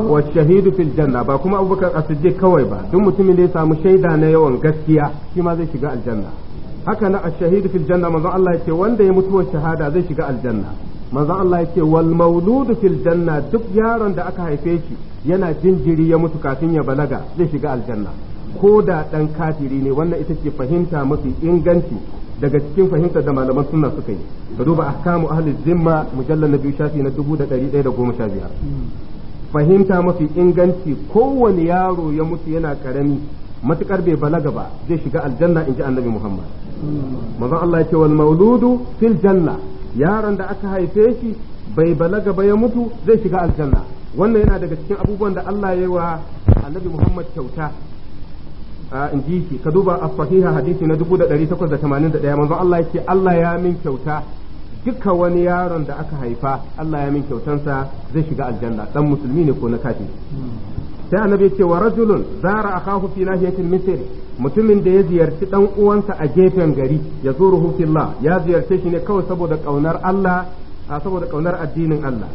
wa shahidu fil janna ba kuma abubakar as kawai ba duk mutumin da ya samu shaida na yawan gaskiya shi ma zai shiga aljanna haka na ashahidu shahidu fil janna manzon Allah yace wanda ya mutuwar shahada zai shiga aljanna manzon Allah yace wal mauludu fil janna duk yaron da aka haife shi yana jinjiri ya mutu kafin ya balaga zai shiga aljanna ko da dan kafiri ne wannan ita ce fahimta mafi inganci daga cikin fahimtar da malaman sunna suka yi ka duba ahkamu ahli zimma mujallal na biyu shafi na 1115 fahimta mafi inganci kowane yaro ya mutu yana karami matukar bai balaga ba zai shiga aljanna in ji annabi muhammad maza Allah ya ce wal mauludu fil janna yaron da aka haife shi bai balaga ba ya mutu zai shiga aljanna wannan yana daga cikin abubuwan da Allah ya yi wa annabi muhammad kyauta in ji shi ka duba a sahiha hadisi na 1881 manzo Allah ce Allah ya min kyauta Dukka wani yaron da aka haifa Allah ya min kyautansa zai shiga aljanna dan musulmi ne ko na kafi sai annabi ya ce wa rajulun zara akahu fi nahiyatin misr mutumin da ya ziyarci dan uwansa a gefen gari ya zuruhu fillah ya ziyarce shi ne kawai saboda kaunar Allah saboda kaunar addinin Allah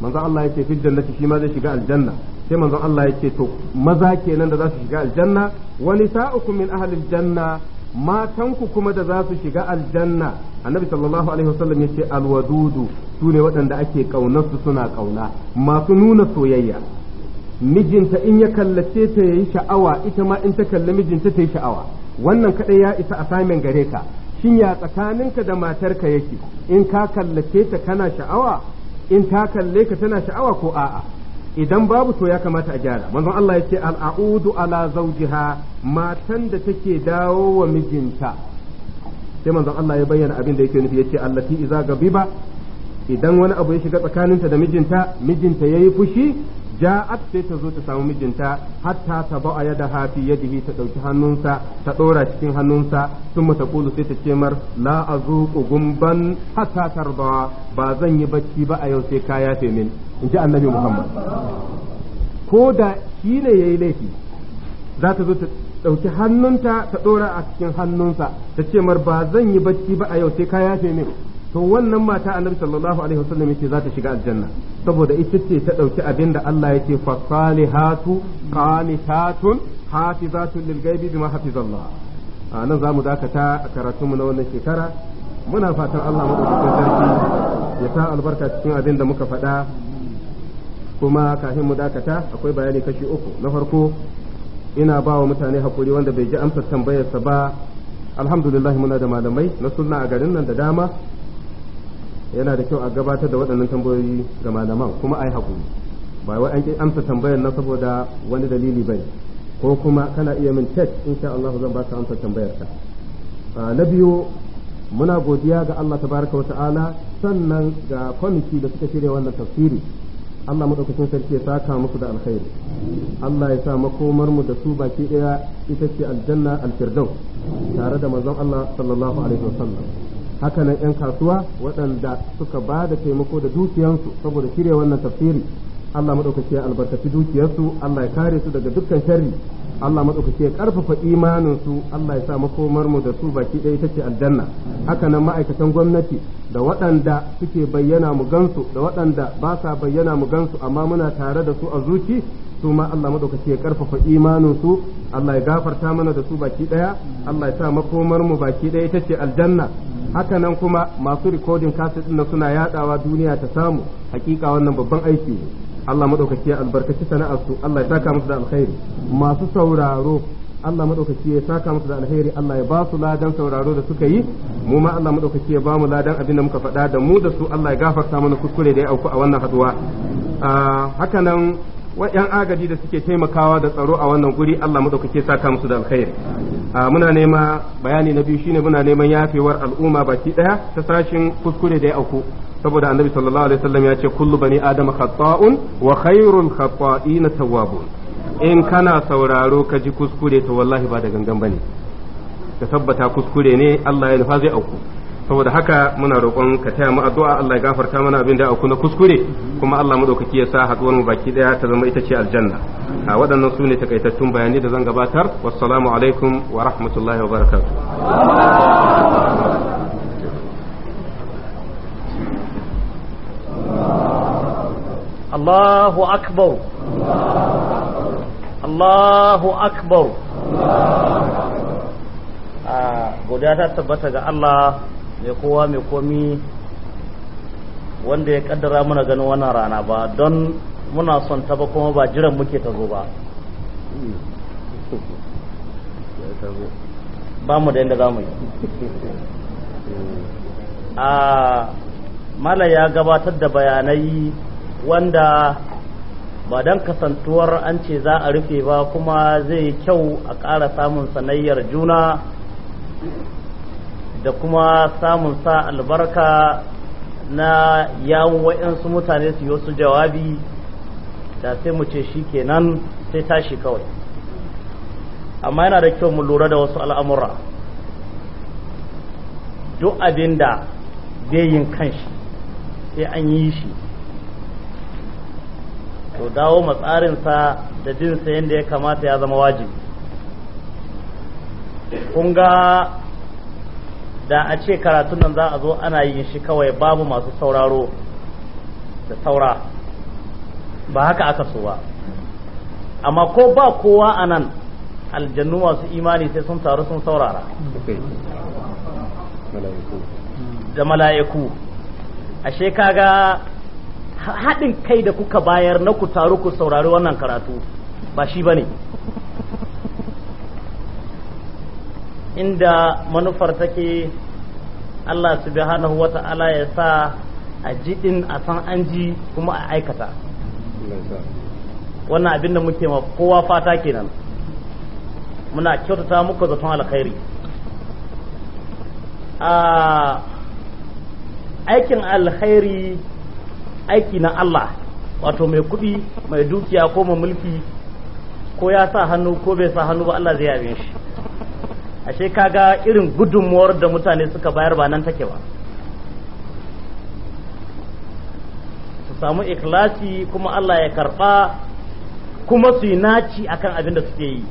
manzo Allah ya ce fi jannati shi ma zai shiga aljanna sai manzo Allah ya ce to maza kenan da za su shiga aljanna wani nisa'ukum min ahli aljanna matanku kuma da za su shiga aljanna annabi sallallahu alaihi wasallam ya ce alwadudu su ne waɗanda ake su suna ƙauna masu nuna soyayya mijinta in ya kallace ta yayi sha'awa ita ma in ta kalli mijinta ta yi sha'awa wannan kaɗai ya isa a samin gare ka shin ya tsakaninka da matarka yake in ka kallace ta kana sha'awa in ta kalle ka tana sha'awa ko a'a idan babu to ya kamata a gyara manzon Allah ya ce al'audu ala zawjiha matan da take dawo wa mijinta sai manzon Allah ya bayyana abin da yake nufi yace allati iza gabiba idan wani abu ya shiga tsakaninta da mijinta mijinta yayi fushi ja'at sai ta zo ta samu mijinta hatta ta ba'a yada hafi jihi ta ɗauki hannunsa ta dora cikin hannunsa sun mata kulu sai ta ce mar la azuqu gumban hatta tarbawa ba zan yi bacci ba a yau sai ka yafe min in ji annabi muhammad ko da shi ne ya yi laifi za ta zo ta dauki hannunta ta dora a cikin hannunsa ta ce mar ba zan yi bacci ba a yau sai ka yafe min to wannan mata annabi sallallahu alaihi wasallam yace za ta shiga aljanna saboda ita ce ta dauki abin da Allah yake fa salihatu qanitatun hafizatun lil ghaibi bima hafizallah a nan zamu dakata a karatun mu na wannan shekara muna fatan Allah madaukakin sarki ya sa albarka cikin abin da muka faɗa kuma kafin mu dakata akwai bayani kashi uku na farko ina ba wa mutane hakuri wanda bai ji amsar tambayarsa ba alhamdulillah muna da malamai na sunna a garin nan da dama yana da kyau a gabatar da waɗannan tambayoyi ga malaman kuma ai haƙuri ba wai an ƙi amsa tambayar na saboda wani dalili bane ko kuma kana iya min in insha Allah zan ba ka amsa tambayar ka na biyu muna godiya ga Allah tabaraka wa ta'ala sannan ga kwamiti da suka shirya wannan tafsiri Allah madaukakin sarki ya saka musu da alkhairi Allah ya sa makomar mu da su baki daya ita ce aljanna alfirdaus tare da manzon Allah sallallahu alaihi wasallam hakanan 'yan kasuwa waɗanda suka ba da taimako da dukiyansu saboda shirya wannan tafsiri Allah madaukaki ya albarkaci dukiyarsu Allah ya kare su daga dukkan sharri Allah madaukaki karfafa imaninsu su Allah ya sa makomar mu da su baki ɗaya ita ce aljanna haka nan ma'aikatan gwamnati da waɗanda suke bayyana mu gansu da waɗanda ba sa bayyana mu gansu amma muna tare da su a zuci su ma Allah madaukaki ya karfafa imaninsu su Allah ya gafarta mana da su baki ɗaya Allah ya sa makomar mu baki ɗaya ita ce aljanna haka nan kuma masu rikodin ɗin na suna yadawa duniya ta samu hakika wannan babban aiki ne Allah madaukaki ya albarkaci sana'arsu Allah ya saka musu da alkhairi masu sauraro Allah madaukaki ya saka musu da alkhairi Allah ya ba su ladan sauraro da suka yi mu ma Allah madaukaki ya ba mu ladan abin da muka faɗa da mu da su Allah ya gafarta mana kuskure da ya auku a wannan haduwa ah, haka nan yan agaji da suke taimakawa da tsaro a wannan guri Allah madaukake saka musu da alkhairi muna nema bayani na biyu shine muna neman yafewar al'umma baki daya ta sashin kuskure da ya auku saboda annabi sallallahu alaihi wasallam ya ce kullu bani adama khata'un wa khairul khata'ina tawwabun in kana sauraro ka ji kuskure to wallahi ba da gangan bane ka tabbata kuskure ne Allah ya nufa zai auku saboda haka muna roƙon ka taya mu addu'a Allah ya gafarta mana abin da aku na kuskure kuma Allah madaukaki ya sa haɗuwar mu baki daya ta zama ita ce aljanna a waɗannan su ne takaitattun bayanai da zan gabatar wassalamu alaikum wa rahmatullahi wa barakatuh Allahu akbar Allahu akbar ah, godiya ta tabbata ga Allah mai kowa mai komi wanda ya kaddara muna ganin wannan rana ba don muna son ta ba kuma ba jiran muke ta zo ba ba mu da yadda za mu yi a mala ya gabatar da bayanai wanda ba don kasantuwar an ce za a rufe ba kuma zai kyau a ƙara samun sanayyar juna da kuma samun sa albarka na yawon wa'yansu mutane su yi su jawabi da sai mu ce shi kenan sai tashi kawai amma yana da kyau mu lura da wasu al'amura duk abin da yin kanshi sai an yi shi to dawo matsarinsa da jinsa yadda ya kamata ya zama wajibi kun ga da a ce karatun nan za a zo ana yin shi kawai babu masu sauraro da saura ba haka aka so ba amma ko ba kowa a nan aljannu masu imani sai sun taru sun saurara da mala'iku ashe kaga haɗin kai da kuka bayar na ku taru ku saurari wannan karatu ba shi ba ne inda manufar take Allah subhanahu wa ta'ala ya sa a ji din a san an ji kuma a aikata wannan abin da muke ma kowa fata kenan muna kyautata muku zaton alkhairi a aikin alkhairi aiki na Allah wato mai kuɗi mai dukiya ko mai mulki ko ya sa hannu ko bai sa hannu ba Allah zai yabe shi ashe kaga irin gudunmuwar da mutane suka bayar ba nan take ba su samu ikhlasi kuma Allah ya karba kuma su yi naci akan abin da suke yi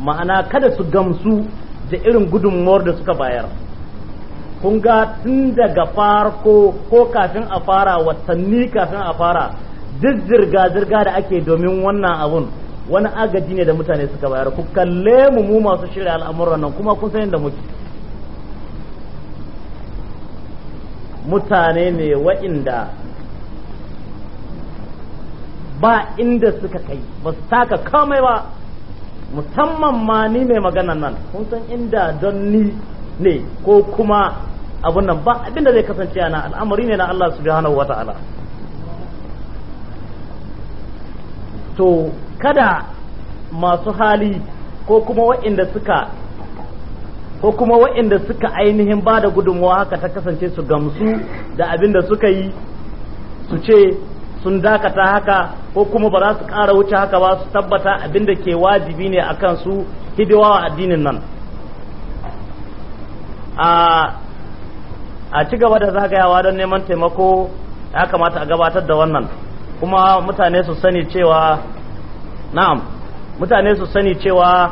ma'ana kada su gamsu da irin gudunmuwar da suka bayar kun ga tun daga farko ko kafin a fara watanni kafin a fara duk zirga-zirga da ake domin wannan abun wani agaji ne da mutane suka bayar ku kalle mu mu masu shirya al'amuran nan kuma kun san yadda muke mutane ne wa'inda ba inda suka kai ba su taka kamai ba musamman ma ni mai magana nan kun san inda don ni ne ko kuma abun nan ba abinda zai kasance na al'amari ne na Allah subhanahu wa ta'ala to kada masu hali ko kuma waɗanda suka ko kuma waɗanda suka ainihin ba da gudunmawa haka ta kasance su gamsu da abin da suka yi su ce sun dakata haka ko kuma ba za su ƙara wuce haka ba su tabbata abin da ke wajibi ne a kansu hidiwa addinin nan a ci gaba da zagayawa don neman taimako ya kamata a gabatar da wannan kuma mutane su sani cewa na'am mutane su sani cewa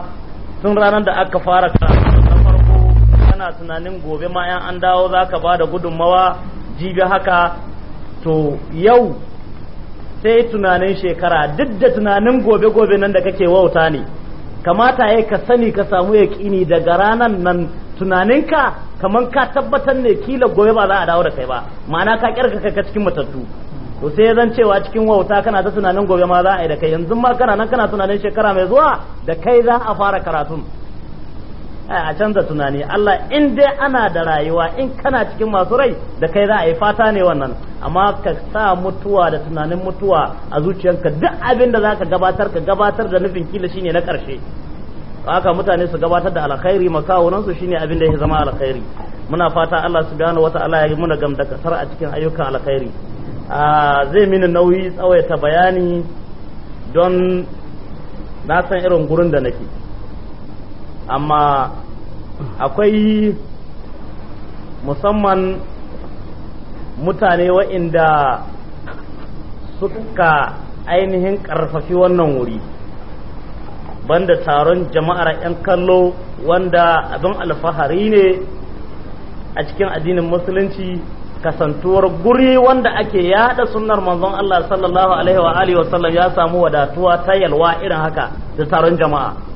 tun ranar da aka fara karatu na farko kana tunanin gobe ma yan an dawo za ka ba da gudunmawa jibi haka to yau sai tunanin shekara duk da tunanin gobe-gobe nan da kake wauta ne kamata ya ka sani ka samu yaƙini daga ranar nan tunaninka kamar ka tabbatar ne kila gobe ba za a dawo da kai ba ma'ana ka kyarka ka cikin matattu to sai zan cewa cikin wauta kana ta tunanin gobe ma za a yi da kai yanzu ma kana nan kana tunanin shekara mai zuwa da kai za a fara karatun a canza tunani Allah in dai ana da rayuwa in kana cikin masu rai da kai za a yi fata ne wannan amma ka sa mutuwa da tunanin mutuwa a zuciyarka duk abin da zaka gabatar ka gabatar da nufin kila shine na karshe haka mutane su gabatar da alkhairi makawunan su shine abin da ya zama alkhairi muna fata Allah subhanahu wata'ala ya yi muna gamdakatar a cikin ayyukan alkhairi A ah, zai mini nauyi tsawaita bayani don na san irin gurin da nake amma akwai musamman mutane wa'inda suka ainihin ƙarfafi wannan wuri banda taron jama'ar 'yan kallo wanda abin alfahari ne a cikin addinin musulunci kasantuwar guri wanda ake yada sunnar manzon Allah sallallahu alaihi wa alihi ya samu wadatuwa ta yalwa irin haka da taron jama'a